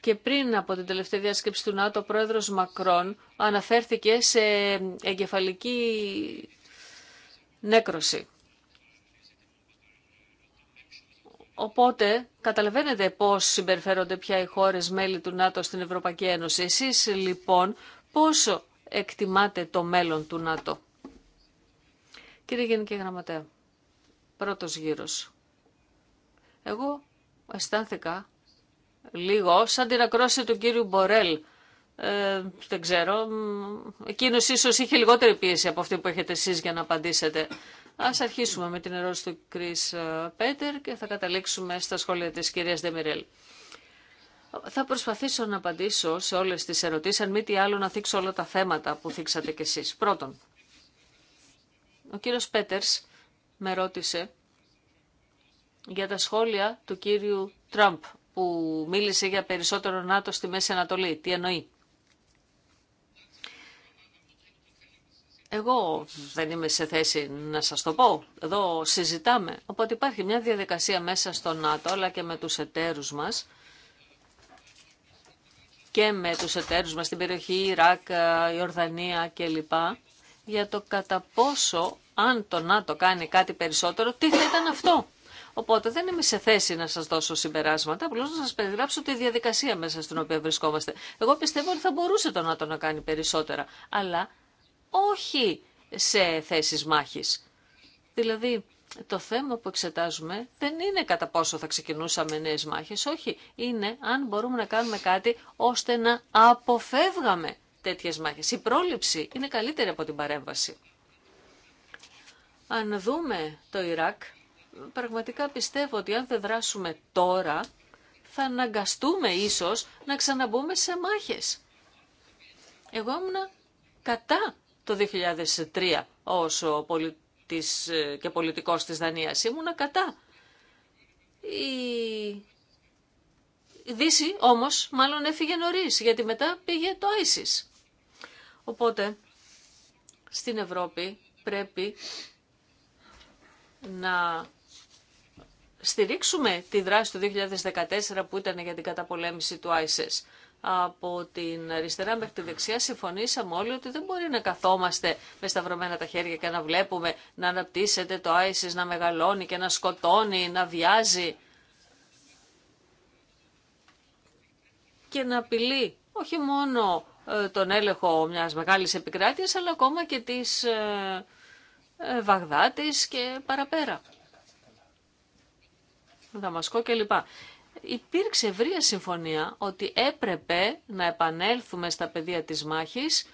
Και πριν από την τελευταία διάσκεψη του ΝΑΤΟ, ο πρόεδρος Μακρόν αναφέρθηκε σε εγκεφαλική νέκρωση. Οπότε καταλαβαίνετε πώς συμπεριφέρονται πια οι χώρες μέλη του ΝΑΤΟ στην Ευρωπαϊκή Ένωση. Εσείς λοιπόν πόσο εκτιμάτε το μέλλον του ΝΑΤΟ. Κύριε Γενική Γραμματέα, πρώτος γύρος. Εγώ αισθάνθηκα λίγο σαν την ακρόση του κύριου Μπορέλ. Ε, δεν ξέρω, εκείνος ίσως είχε λιγότερη πίεση από αυτή που έχετε εσείς για να απαντήσετε. Ας αρχίσουμε με την ερώτηση του Κρίς Πέτερ και θα καταλήξουμε στα σχόλια της κυρίας Δεμιρέλ. Θα προσπαθήσω να απαντήσω σε όλες τις ερωτήσεις, αν μη τι άλλο να θίξω όλα τα θέματα που θίξατε κι εσείς. Πρώτον, ο κύριος Πέτερς με ρώτησε για τα σχόλια του κύριου Τραμπ που μίλησε για περισσότερο ΝΑΤΟ στη Μέση Ανατολή. Τι εννοεί. Εγώ δεν είμαι σε θέση να σας το πω. Εδώ συζητάμε. Οπότε υπάρχει μια διαδικασία μέσα στο ΝΑΤΟ αλλά και με τους εταίρους μας και με τους εταίρους μας στην περιοχή Ιράκ, Ιορδανία κλπ. για το κατά πόσο αν το ΝΑΤΟ κάνει κάτι περισσότερο, τι θα ήταν αυτό. Οπότε δεν είμαι σε θέση να σας δώσω συμπεράσματα, απλώς να σας περιγράψω τη διαδικασία μέσα στην οποία βρισκόμαστε. Εγώ πιστεύω ότι θα μπορούσε το ΝΑΤΟ να κάνει περισσότερα, αλλά όχι σε θέσεις μάχης. Δηλαδή, το θέμα που εξετάζουμε δεν είναι κατά πόσο θα ξεκινούσαμε νέες μάχες, όχι. Είναι αν μπορούμε να κάνουμε κάτι ώστε να αποφεύγαμε τέτοιες μάχες. Η πρόληψη είναι καλύτερη από την παρέμβαση. Αν δούμε το Ιράκ, πραγματικά πιστεύω ότι αν δεν δράσουμε τώρα, θα αναγκαστούμε ίσως να ξαναμπούμε σε μάχες. Εγώ ήμουνα κατά το 2003 ως πολιτής και πολιτικός της Δανίας. Ήμουνα κατά. Η Δύση όμως μάλλον έφυγε νωρίς, γιατί μετά πήγε το ISIS. Οπότε στην Ευρώπη πρέπει να στηρίξουμε τη δράση του 2014 που ήταν για την καταπολέμηση του ISIS από την αριστερά μέχρι τη δεξιά συμφωνήσαμε όλοι ότι δεν μπορεί να καθόμαστε με σταυρωμένα τα χέρια και να βλέπουμε να αναπτύσσεται το ISIS, να μεγαλώνει και να σκοτώνει, να βιάζει και να απειλεί όχι μόνο ε, τον έλεγχο μιας μεγάλης επικράτειας αλλά ακόμα και της ε, ε, Βαγδάτης και παραπέρα. και κλπ υπήρξε ευρεία συμφωνία ότι έπρεπε να επανέλθουμε στα πεδία της μάχης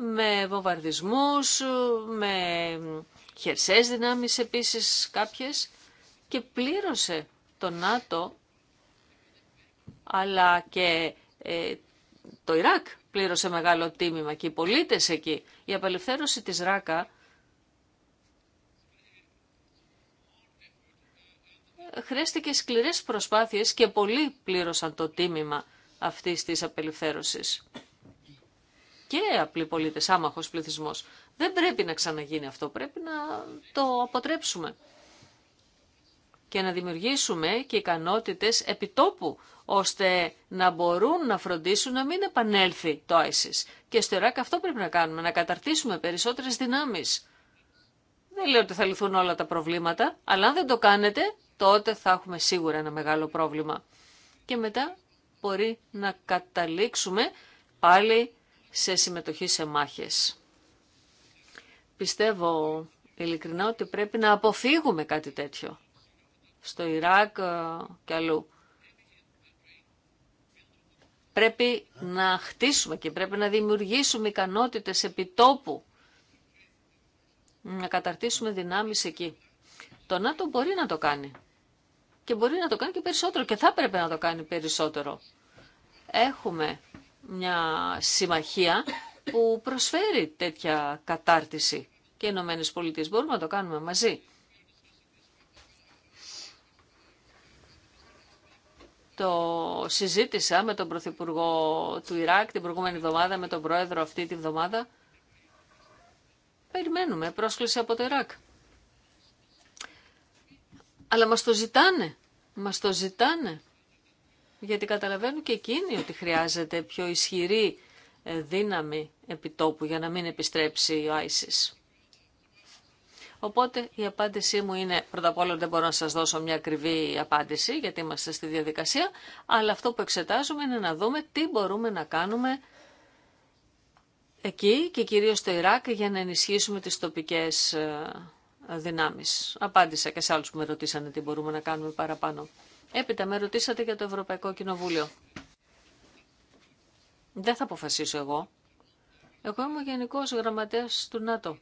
με βομβαρδισμούς, με χερσές δυνάμεις επίσης κάποιες και πλήρωσε το ΝΑΤΟ αλλά και ε, το Ιράκ πλήρωσε μεγάλο τίμημα και οι πολίτες εκεί. Η απελευθέρωση της Ράκα χρειάστηκε σκληρές προσπάθειες και πολλοί πλήρωσαν το τίμημα αυτής της απελευθέρωσης. Και απλοί πολίτες, άμαχος πληθυσμός. Δεν πρέπει να ξαναγίνει αυτό, πρέπει να το αποτρέψουμε και να δημιουργήσουμε και ικανότητες επιτόπου, ώστε να μπορούν να φροντίσουν να μην επανέλθει το ISIS. Και στο Ιράκ αυτό πρέπει να κάνουμε, να καταρτήσουμε περισσότερες δυνάμεις. Δεν λέω ότι θα λυθούν όλα τα προβλήματα, αλλά αν δεν το κάνετε, τότε θα έχουμε σίγουρα ένα μεγάλο πρόβλημα. Και μετά μπορεί να καταλήξουμε πάλι σε συμμετοχή σε μάχες. Πιστεύω ειλικρινά ότι πρέπει να αποφύγουμε κάτι τέτοιο στο Ιράκ ε, και αλλού. Πρέπει να χτίσουμε και πρέπει να δημιουργήσουμε ικανότητες επιτόπου, να καταρτήσουμε δυνάμεις εκεί. Το ΝΑΤΟ μπορεί να το κάνει και μπορεί να το κάνει και περισσότερο και θα έπρεπε να το κάνει περισσότερο. Έχουμε μια συμμαχία που προσφέρει τέτοια κατάρτιση και οι Ηνωμένε Πολιτείε μπορούμε να το κάνουμε μαζί. Το συζήτησα με τον Πρωθυπουργό του Ιράκ την προηγούμενη εβδομάδα, με τον Πρόεδρο αυτή τη εβδομάδα. Περιμένουμε πρόσκληση από το Ιράκ. Αλλά μας το ζητάνε. Μας το ζητάνε. Γιατί καταλαβαίνουν και εκείνοι ότι χρειάζεται πιο ισχυρή ε, δύναμη επιτόπου για να μην επιστρέψει ο ISIS. Οπότε η απάντησή μου είναι, πρώτα απ' όλα δεν μπορώ να σας δώσω μια ακριβή απάντηση, γιατί είμαστε στη διαδικασία, αλλά αυτό που εξετάζουμε είναι να δούμε τι μπορούμε να κάνουμε εκεί και κυρίως στο Ιράκ για να ενισχύσουμε τις τοπικές ε, δυνάμεις. Απάντησα και σε άλλους που με ρωτήσανε τι μπορούμε να κάνουμε παραπάνω. Έπειτα με ρωτήσατε για το Ευρωπαϊκό Κοινοβούλιο. Δεν θα αποφασίσω εγώ. Εγώ είμαι ο Γενικός Γραμματέας του ΝΑΤΟ.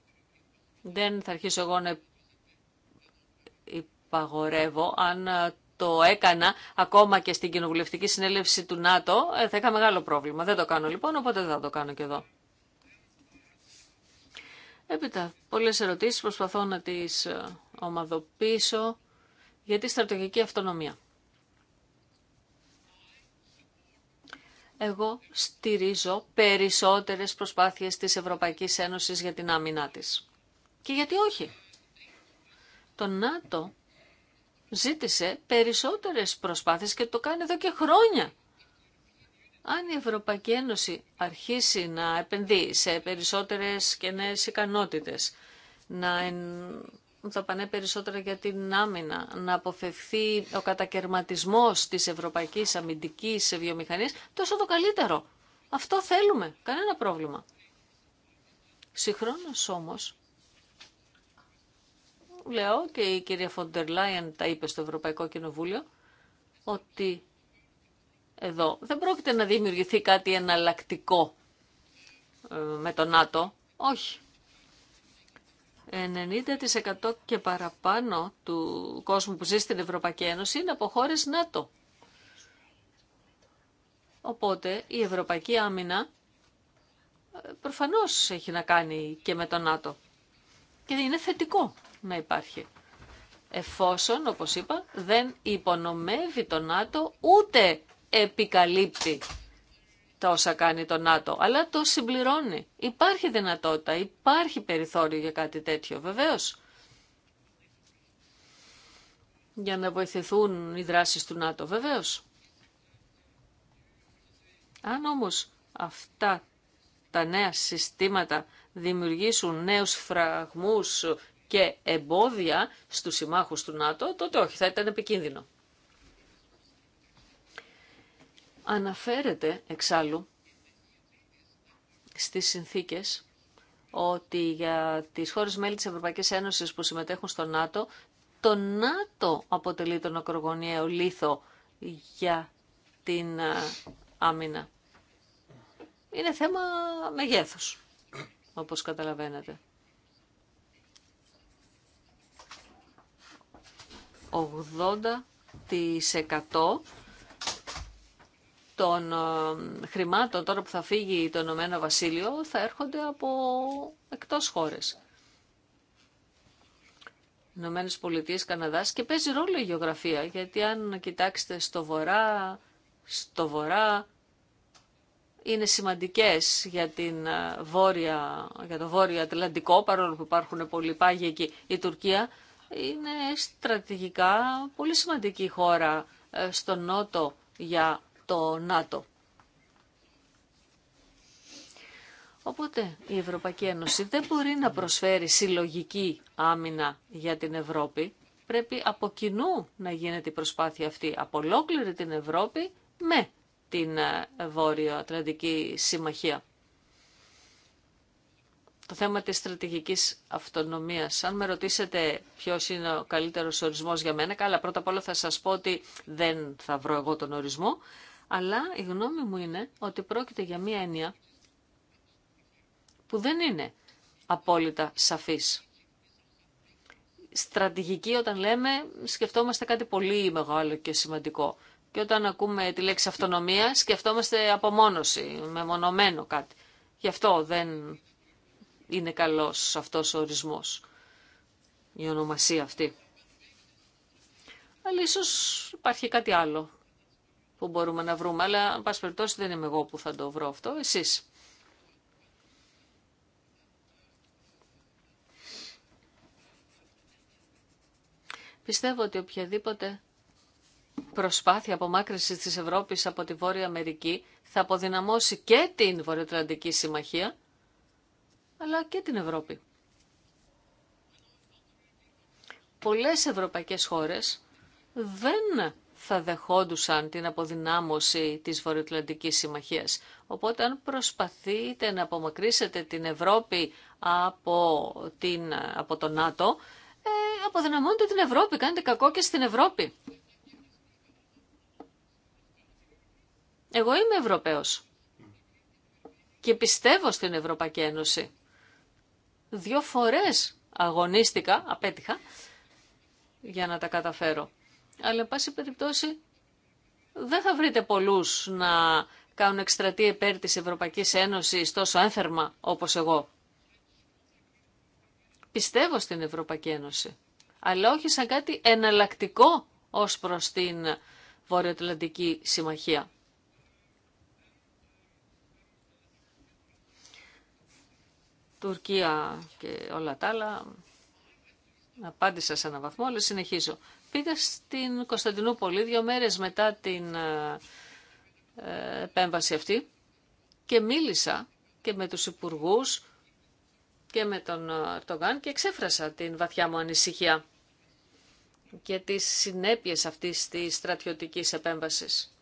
Δεν θα αρχίσω εγώ να υπαγορεύω αν ε, το έκανα ακόμα και στην κοινοβουλευτική συνέλευση του ΝΑΤΟ, ε, θα είχα μεγάλο πρόβλημα. Δεν το κάνω λοιπόν, οπότε δεν θα το κάνω και εδώ. Έπειτα, πολλές ερωτήσεις προσπαθώ να τις ε, ομαδοποιήσω για τη στρατηγική αυτονομία. Εγώ στηρίζω περισσότερες προσπάθειες της Ευρωπαϊκής Ένωσης για την άμυνά της. Και γιατί όχι. Το ΝΑΤΟ ζήτησε περισσότερες προσπάθειες και το κάνει εδώ και χρόνια αν η Ευρωπαϊκή Ένωση αρχίσει να επενδύει σε περισσότερες και νέες ικανότητες, να πανέ περισσότερα για την άμυνα, να αποφευθεί ο κατακαιρματισμός της ευρωπαϊκής αμυντικής βιομηχανίας, τόσο το καλύτερο. Αυτό θέλουμε, κανένα πρόβλημα. Συγχρόνως όμως, λέω και η κυρία Φοντερ Λάιεν τα είπε στο Ευρωπαϊκό Κοινοβούλιο, ότι εδώ. Δεν πρόκειται να δημιουργηθεί κάτι εναλλακτικό ε, με το ΝΑΤΟ. Όχι. 90% και παραπάνω του κόσμου που ζει στην Ευρωπαϊκή Ένωση είναι από χώρες ΝΑΤΟ. Οπότε η Ευρωπαϊκή Άμυνα ε, προφανώς έχει να κάνει και με το ΝΑΤΟ. Και είναι θετικό να υπάρχει. Εφόσον, όπως είπα, δεν υπονομεύει το ΝΑΤΟ ούτε επικαλύπτει τα όσα κάνει το ΝΑΤΟ, αλλά το συμπληρώνει. Υπάρχει δυνατότητα, υπάρχει περιθώριο για κάτι τέτοιο, βεβαίως. Για να βοηθηθούν οι δράσεις του ΝΑΤΟ, βεβαίως. Αν όμως αυτά τα νέα συστήματα δημιουργήσουν νέους φραγμούς και εμπόδια στους συμμάχους του ΝΑΤΟ, τότε όχι, θα ήταν επικίνδυνο. Αναφέρεται εξάλλου στις συνθήκες ότι για τις χώρες μέλη της Ευρωπαϊκής Ένωσης που συμμετέχουν στο ΝΑΤΟ, το ΝΑΤΟ αποτελεί τον ακρογωνιαίο λίθο για την ε, άμυνα. Είναι θέμα μεγέθους, όπως καταλαβαίνετε. 80% των ε, χρημάτων τώρα που θα φύγει το Ηνωμένο Βασίλειο θα έρχονται από εκτός χώρες. Ηνωμένε Πολιτείε, Καναδά και παίζει ρόλο η γεωγραφία. Γιατί αν κοιτάξετε στο βορρά, στο βορρά είναι σημαντικές για, την ε, βόρεια, για το βόρειο Ατλαντικό, παρόλο που υπάρχουν πολλοί πάγοι εκεί. Η Τουρκία είναι στρατηγικά πολύ σημαντική χώρα ε, στον νότο για το ΝΑΤΟ. Οπότε η Ευρωπαϊκή Ένωση δεν μπορεί να προσφέρει συλλογική άμυνα για την Ευρώπη. Πρέπει από κοινού να γίνεται η προσπάθεια αυτή από ολόκληρη την Ευρώπη με την ε, Βόρειο Ατλαντική Συμμαχία. Το θέμα της στρατηγικής αυτονομίας. Αν με ρωτήσετε ποιος είναι ο καλύτερος ορισμός για μένα, καλά πρώτα απ' όλα θα σας πω ότι δεν θα βρω εγώ τον ορισμό, αλλά η γνώμη μου είναι ότι πρόκειται για μία έννοια που δεν είναι απόλυτα σαφής. Στρατηγική όταν λέμε σκεφτόμαστε κάτι πολύ μεγάλο και σημαντικό. Και όταν ακούμε τη λέξη αυτονομία σκεφτόμαστε απομόνωση, μεμονωμένο κάτι. Γι' αυτό δεν είναι καλός αυτός ο ορισμός, η ονομασία αυτή. Αλλά ίσως υπάρχει κάτι άλλο που μπορούμε να βρούμε. Αλλά, αν πάση περιπτώσει, δεν είμαι εγώ που θα το βρω αυτό, εσείς. Πιστεύω ότι οποιαδήποτε προσπάθεια απομάκρυνσης της Ευρώπης από τη Βόρεια Αμερική θα αποδυναμώσει και την Βορειοατλαντική Συμμαχία, αλλά και την Ευρώπη. Πολλές ευρωπαϊκές χώρες δεν θα δεχόντουσαν την αποδυνάμωση της Βορειοατλαντικής Συμμαχίας. Οπότε αν προσπαθείτε να απομακρύσετε την Ευρώπη από, την, από το ΝΑΤΟ, ε, αποδυναμώνετε την Ευρώπη, κάνετε κακό και στην Ευρώπη. Εγώ είμαι Ευρωπαίος και πιστεύω στην Ευρωπαϊκή Ένωση. Δύο φορές αγωνίστηκα, απέτυχα, για να τα καταφέρω. Αλλά, εν πάση περιπτώσει, δεν θα βρείτε πολλούς να κάνουν εκστρατεία υπέρ της Ευρωπαϊκής Ένωσης τόσο ένθερμα όπως εγώ. Πιστεύω στην Ευρωπαϊκή Ένωση, αλλά όχι σαν κάτι εναλλακτικό ως προς την Βορειοατλαντική Συμμαχία. Τουρκία και όλα τα άλλα. Απάντησα σε έναν βαθμό, αλλά συνεχίζω. Πήγα στην Κωνσταντινούπολη δύο μέρες μετά την ε, ε, επέμβαση αυτή και μίλησα και με τους υπουργούς και με τον Ερτογάν και εξέφρασα την βαθιά μου ανησυχία και τις συνέπειες αυτής της στρατιωτικής επέμβασης.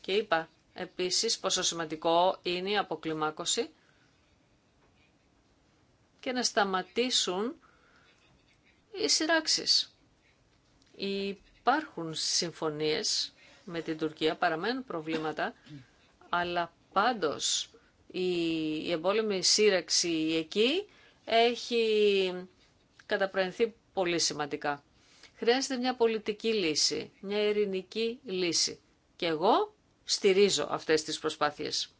Και είπα επίσης πόσο σημαντικό είναι η αποκλιμάκωση και να σταματήσουν οι σειράξεις. Υπάρχουν συμφωνίες με την Τουρκία, παραμένουν προβλήματα, αλλά πάντως η εμπόλεμη σύραξη εκεί έχει καταπραγηθεί πολύ σημαντικά. Χρειάζεται μια πολιτική λύση, μια ειρηνική λύση. Και εγώ στηρίζω αυτές τις προσπάθειες.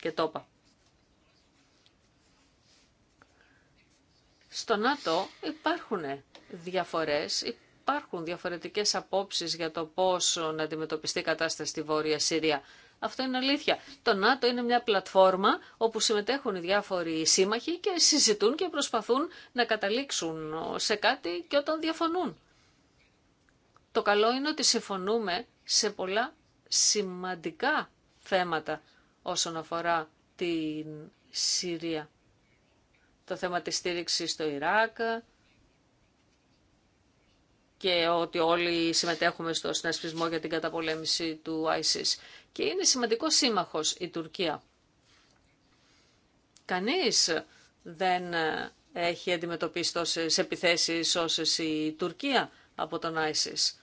Και το είπα. Στο ΝΑΤΟ υπάρχουν διαφορές, υπάρχουν διαφορετικές απόψεις για το πώς να αντιμετωπιστεί η κατάσταση στη Βόρεια Συρία. Αυτό είναι αλήθεια. Το ΝΑΤΟ είναι μια πλατφόρμα όπου συμμετέχουν οι διάφοροι σύμμαχοι και συζητούν και προσπαθούν να καταλήξουν σε κάτι και όταν διαφωνούν. Το καλό είναι ότι συμφωνούμε σε πολλά σημαντικά θέματα όσον αφορά την Συρία. Το θέμα της στήριξης στο Ιράκ, και ότι όλοι συμμετέχουμε στο συνασπισμό για την καταπολέμηση του ISIS. Και είναι σημαντικό σύμμαχος η Τουρκία. Κανείς δεν έχει αντιμετωπίσει τόσες επιθέσεις όσες η Τουρκία από τον ISIS.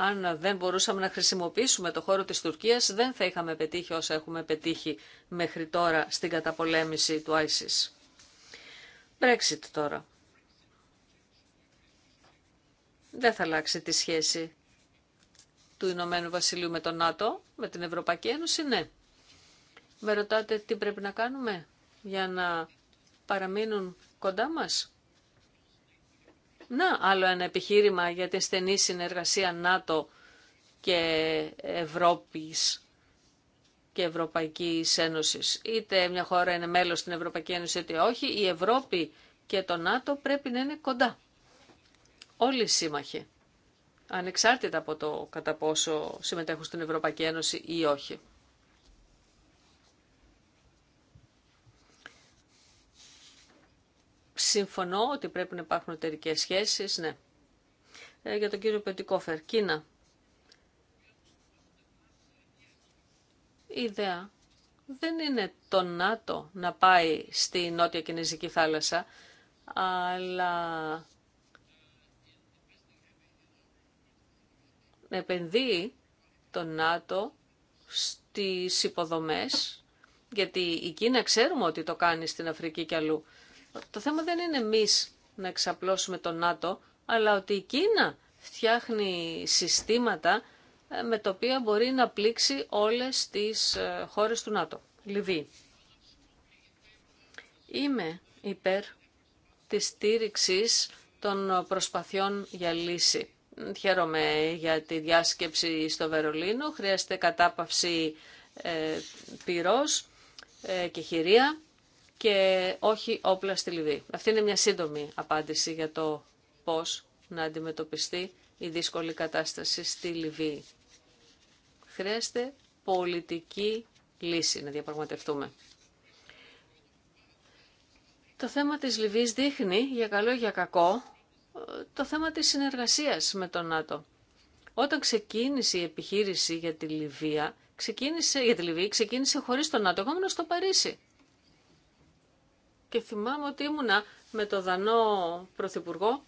αν δεν μπορούσαμε να χρησιμοποιήσουμε το χώρο της Τουρκίας, δεν θα είχαμε πετύχει όσα έχουμε πετύχει μέχρι τώρα στην καταπολέμηση του ISIS. Brexit τώρα. Δεν θα αλλάξει τη σχέση του Ηνωμένου Βασιλείου με τον ΝΑΤΟ, με την Ευρωπαϊκή Ένωση, ναι. Με ρωτάτε τι πρέπει να κάνουμε για να παραμείνουν κοντά μας. Να, άλλο ένα επιχείρημα για την στενή συνεργασία ΝΑΤΟ και Ευρώπης και Ευρωπαϊκής Ένωσης. Είτε μια χώρα είναι μέλος στην Ευρωπαϊκή Ένωση είτε όχι, η Ευρώπη και το ΝΑΤΟ πρέπει να είναι κοντά. Όλοι οι σύμμαχοι, ανεξάρτητα από το κατά πόσο συμμετέχουν στην Ευρωπαϊκή Ένωση ή όχι. συμφωνώ ότι πρέπει να υπάρχουν εταιρικέ σχέσεις, ναι. Ε, για τον κύριο Πετικόφερ, Κίνα. Η ιδέα δεν είναι το ΝΑΤΟ να πάει στη Νότια Κινέζικη θάλασσα, αλλά να επενδύει το ΝΑΤΟ στις υποδομές, γιατί η Κίνα ξέρουμε ότι το κάνει στην Αφρική και αλλού. Το θέμα δεν είναι εμεί να εξαπλώσουμε τον ΝΑΤΟ, αλλά ότι η Κίνα φτιάχνει συστήματα ε, με τα οποία μπορεί να πλήξει όλες τις ε, χώρες του ΝΑΤΟ. Λιβύη. Είμαι υπέρ της στήριξης των προσπαθειών για λύση. Χαίρομαι για τη διάσκεψη στο Βερολίνο. Χρειάζεται κατάπαυση ε, πυρός και χειρία και όχι όπλα στη Λιβύη. Αυτή είναι μια σύντομη απάντηση για το πώς να αντιμετωπιστεί η δύσκολη κατάσταση στη Λιβύη. Χρειάζεται πολιτική λύση να διαπραγματευτούμε. Το θέμα της Λιβύης δείχνει, για καλό ή για κακό, το θέμα της συνεργασίας με τον ΝΑΤΟ. Όταν ξεκίνησε η επιχείρηση για τη Λιβύη, ξεκίνησε, για τη ξεκίνησε χωρίς τον ΝΑΤΟ. Εγώ στο Παρίσι και θυμάμαι ότι ήμουνα με τον Δανό Πρωθυπουργό,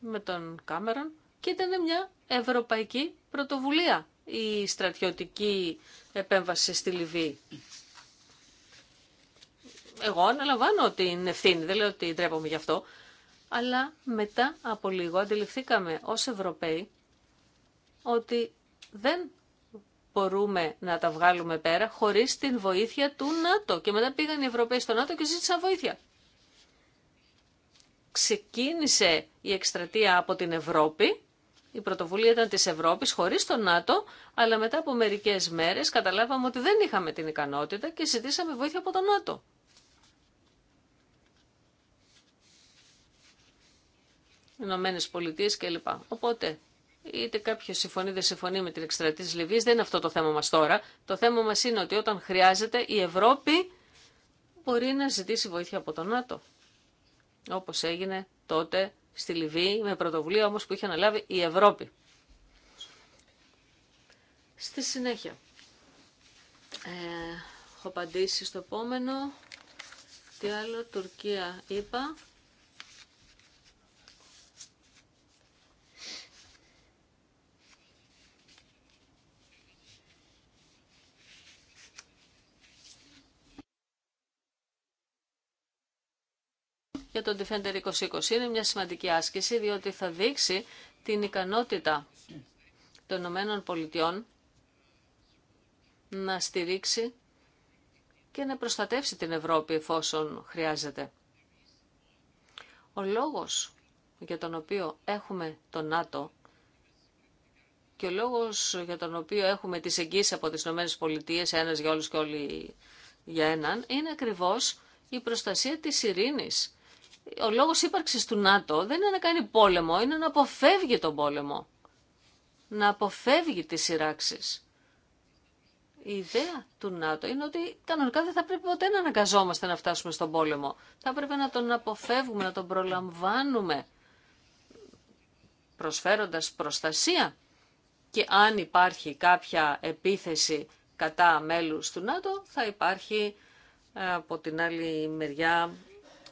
με τον Κάμερον, και ήταν μια ευρωπαϊκή πρωτοβουλία η στρατιωτική επέμβαση στη Λιβύη. Εγώ αναλαμβάνω την ευθύνη, δεν λέω ότι ντρέπομαι γι' αυτό, αλλά μετά από λίγο αντιληφθήκαμε ως Ευρωπαίοι ότι δεν μπορούμε να τα βγάλουμε πέρα χωρίς την βοήθεια του ΝΑΤΟ. Και μετά πήγαν οι Ευρωπαίοι στο ΝΑΤΟ και ζήτησαν βοήθεια. Ξεκίνησε η εκστρατεία από την Ευρώπη, η πρωτοβουλία ήταν της Ευρώπης χωρίς το ΝΑΤΟ, αλλά μετά από μερικές μέρες καταλάβαμε ότι δεν είχαμε την ικανότητα και ζητήσαμε βοήθεια από το ΝΑΤΟ. Ηνωμένε Πολιτείε κλπ. Οπότε είτε κάποιο συμφωνεί δεν συμφωνεί με την εκστρατεία τη Λιβύης, δεν είναι αυτό το θέμα μας τώρα. Το θέμα μας είναι ότι όταν χρειάζεται η Ευρώπη μπορεί να ζητήσει βοήθεια από τον ΝΑΤΟ. Όπως έγινε τότε στη Λιβύη με πρωτοβουλία όμως που είχε αναλάβει η Ευρώπη. Στη συνέχεια, ε, έχω απαντήσει στο επόμενο. Τι άλλο, Τουρκία είπα. για τον Defender 2020. Είναι μια σημαντική άσκηση διότι θα δείξει την ικανότητα των Ηνωμένων Πολιτειών να στηρίξει και να προστατεύσει την Ευρώπη εφόσον χρειάζεται. Ο λόγος για τον οποίο έχουμε το ΝΑΤΟ και ο λόγος για τον οποίο έχουμε τις εγγύσεις από τις Ηνωμένες Πολιτείες, ένας για όλους και όλοι για έναν, είναι ακριβώς η προστασία της ειρήνης ο λόγος ύπαρξης του ΝΑΤΟ δεν είναι να κάνει πόλεμο, είναι να αποφεύγει τον πόλεμο. Να αποφεύγει τις σειράξεις. Η ιδέα του ΝΑΤΟ είναι ότι κανονικά δεν θα πρέπει ποτέ να αναγκαζόμαστε να φτάσουμε στον πόλεμο. Θα πρέπει να τον αποφεύγουμε, να τον προλαμβάνουμε, προσφέροντας προστασία. Και αν υπάρχει κάποια επίθεση κατά μέλους του ΝΑΤΟ, θα υπάρχει ε, από την άλλη μεριά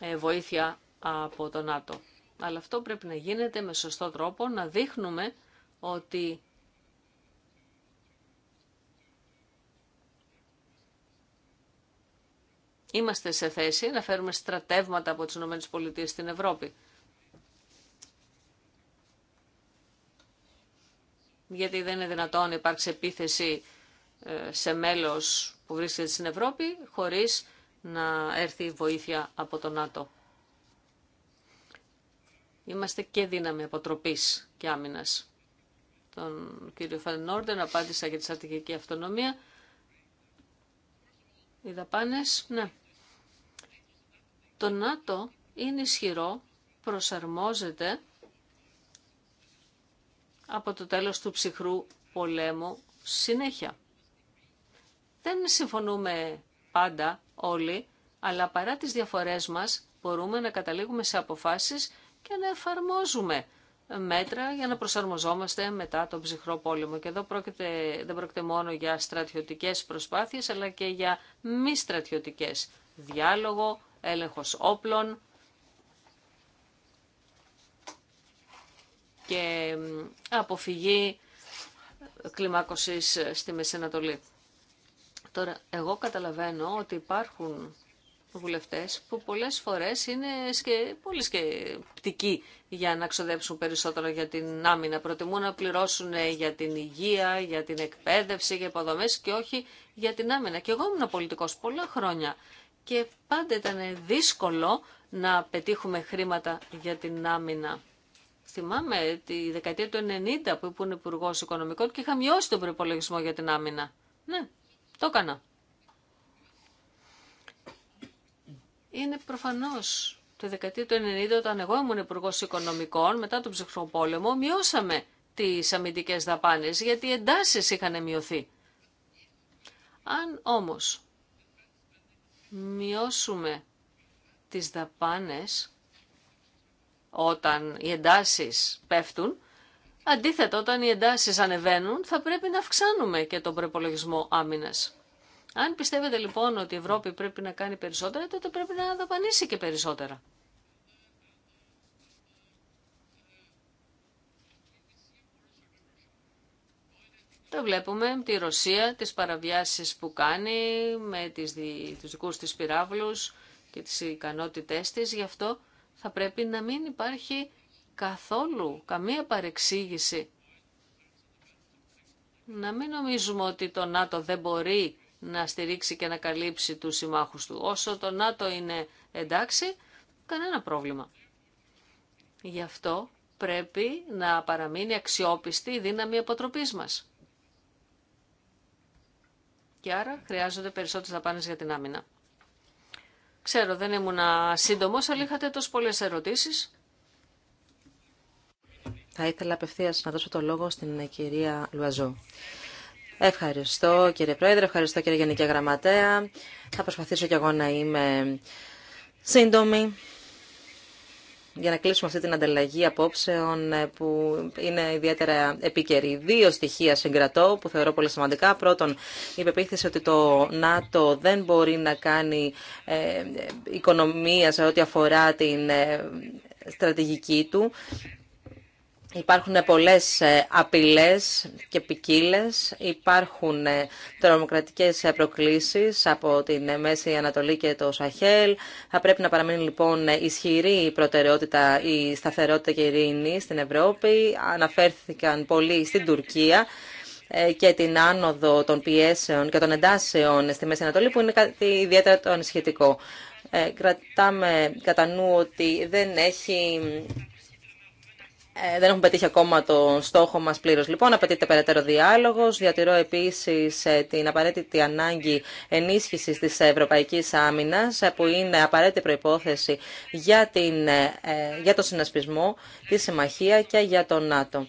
ε, βοήθεια από το ΝΑΤΟ. Αλλά αυτό πρέπει να γίνεται με σωστό τρόπο, να δείχνουμε ότι είμαστε σε θέση να φέρουμε στρατεύματα από τις ΗΠΑ στην Ευρώπη. Γιατί δεν είναι δυνατόν υπάρξει επίθεση ε, σε μέλος που βρίσκεται στην Ευρώπη χωρίς να έρθει βοήθεια από το ΝΑΤΟ. Είμαστε και δύναμη αποτροπής και άμυνα. Τον κύριο Φανόρντεν απάντησα για τη στρατηγική αυτονομία. Οι δαπάνε. ναι. Το ΝΑΤΟ είναι ισχυρό, προσαρμόζεται από το τέλος του ψυχρού πολέμου συνέχεια. Δεν συμφωνούμε πάντα όλοι, αλλά παρά τις διαφορές μας μπορούμε να καταλήγουμε σε αποφάσεις και να εφαρμόζουμε μέτρα για να προσαρμοζόμαστε μετά τον ψυχρό πόλεμο. Και εδώ δεν πρόκειται μόνο για στρατιωτικές προσπάθειες, αλλά και για μη στρατιωτικές. Διάλογο, έλεγχος όπλων και αποφυγή κλιμάκωσης στη Μεσανατολή. Τώρα, εγώ καταλαβαίνω ότι υπάρχουν που πολλέ φορέ είναι σκε... πολύ σκεπτικοί για να ξοδέψουν περισσότερο για την άμυνα. Προτιμούν να πληρώσουν ε, για την υγεία, για την εκπαίδευση, για υποδομέ και όχι για την άμυνα. Και εγώ ήμουν πολιτικό, πολλά χρόνια και πάντα ήταν δύσκολο να πετύχουμε χρήματα για την άμυνα. Θυμάμαι τη δεκαετία του 90 που ήμουν υπουργό οικονομικών και είχα μειώσει τον προπολογισμό για την άμυνα. Ναι, το έκανα. είναι προφανώ το δεκαετία του 90 όταν εγώ ήμουν υπουργό οικονομικών μετά τον ψυχρό πόλεμο μειώσαμε τις αμυντικές δαπάνες γιατί οι εντάσει είχαν μειωθεί. Αν όμως μειώσουμε τις δαπάνες όταν οι εντάσει πέφτουν, αντίθετα όταν οι εντάσει ανεβαίνουν θα πρέπει να αυξάνουμε και τον προπολογισμό άμυνας. Αν πιστεύετε λοιπόν ότι η Ευρώπη πρέπει να κάνει περισσότερα, τότε πρέπει να δαπανίσει και περισσότερα. Το βλέπουμε, τη Ρωσία, τις παραβιάσεις που κάνει με τις, τους δικούς της πυράβλους και τις ικανότητές της. Γι' αυτό θα πρέπει να μην υπάρχει καθόλου καμία παρεξήγηση. Να μην νομίζουμε ότι το ΝΑΤΟ δεν μπορεί να στηρίξει και να καλύψει τους συμμάχους του. Όσο το ΝΑΤΟ είναι εντάξει, κανένα πρόβλημα. Γι' αυτό πρέπει να παραμείνει αξιόπιστη η δύναμη αποτροπής μας. Και άρα χρειάζονται περισσότερες δαπάνες για την άμυνα. Ξέρω, δεν ήμουν σύντομο, αλλά είχατε τόσο πολλέ ερωτήσεις. Θα ήθελα απευθεία να δώσω το λόγο στην κυρία Λουαζό. Ευχαριστώ κύριε Πρόεδρε, ευχαριστώ κύριε Γενική Γραμματέα. Θα προσπαθήσω κι εγώ να είμαι σύντομη για να κλείσουμε αυτή την ανταλλαγή απόψεων ε, που είναι ιδιαίτερα επίκαιρη. Δύο στοιχεία συγκρατώ που θεωρώ πολύ σημαντικά. Πρώτον, η πεποίθηση ότι το ΝΑΤΟ δεν μπορεί να κάνει ε, ε, οικονομία σε ό,τι αφορά την στρατηγική του Υπάρχουν πολλές ε, απειλές και ποικίλε. Υπάρχουν ε, τρομοκρατικές προκλήσεις από την ε, Μέση Ανατολή και το Σαχέλ. Θα πρέπει να παραμείνει λοιπόν ισχυρή η προτεραιότητα, η σταθερότητα και η ειρήνη στην Ευρώπη. Αναφέρθηκαν πολλοί στην Τουρκία και την άνοδο των πιέσεων και των εντάσεων στη Μέση Ανατολή που είναι κάτι ιδιαίτερα το ανησυχητικό. κρατάμε κατά νου ότι δεν έχει ε, δεν έχουμε πετύχει ακόμα τον στόχο μας πλήρως. Λοιπόν, απαιτείται περαιτέρω διάλογος. Διατηρώ επίσης ε, την απαραίτητη ανάγκη ενίσχυσης της ευρωπαϊκής άμυνας, ε, που είναι απαραίτητη προϋπόθεση για, την, για το συνασπισμό, τη συμμαχία και για το ΝΑΤΟ.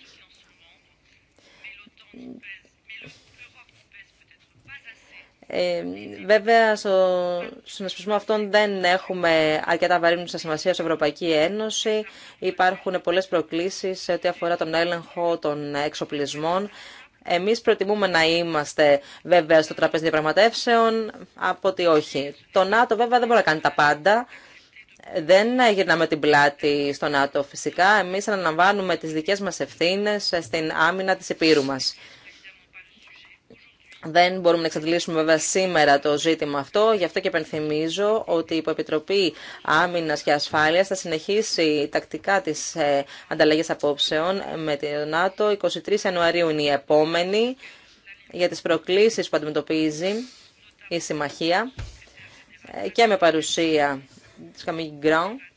Ε, βέβαια, στο συνασπισμό αυτών δεν έχουμε αρκετά βαρύνουσα σημασία στην Ευρωπαϊκή Ένωση. Υπάρχουν πολλές προκλήσεις σε ό,τι αφορά τον έλεγχο των εξοπλισμών. Εμείς προτιμούμε να είμαστε βέβαια στο τραπέζι διαπραγματεύσεων από ότι όχι. Το ΝΑΤΟ βέβαια δεν μπορεί να κάνει τα πάντα. Δεν γυρνάμε την πλάτη στο ΝΑΤΟ φυσικά. Εμείς αναλαμβάνουμε τις δικές μας ευθύνες στην άμυνα της επίρου μας. Δεν μπορούμε να εξαντλήσουμε βέβαια σήμερα το ζήτημα αυτό, γι' αυτό και επενθυμίζω ότι η Υποεπιτροπή Άμυνα και Ασφάλεια θα συνεχίσει τακτικά τι ε, ανταλλαγέ απόψεων με το ΝΑΤΟ. 23 Ιανουαρίου είναι η επόμενη για τι προκλήσει που αντιμετωπίζει η Συμμαχία ε, και με παρουσία της Καμίγκ Grand.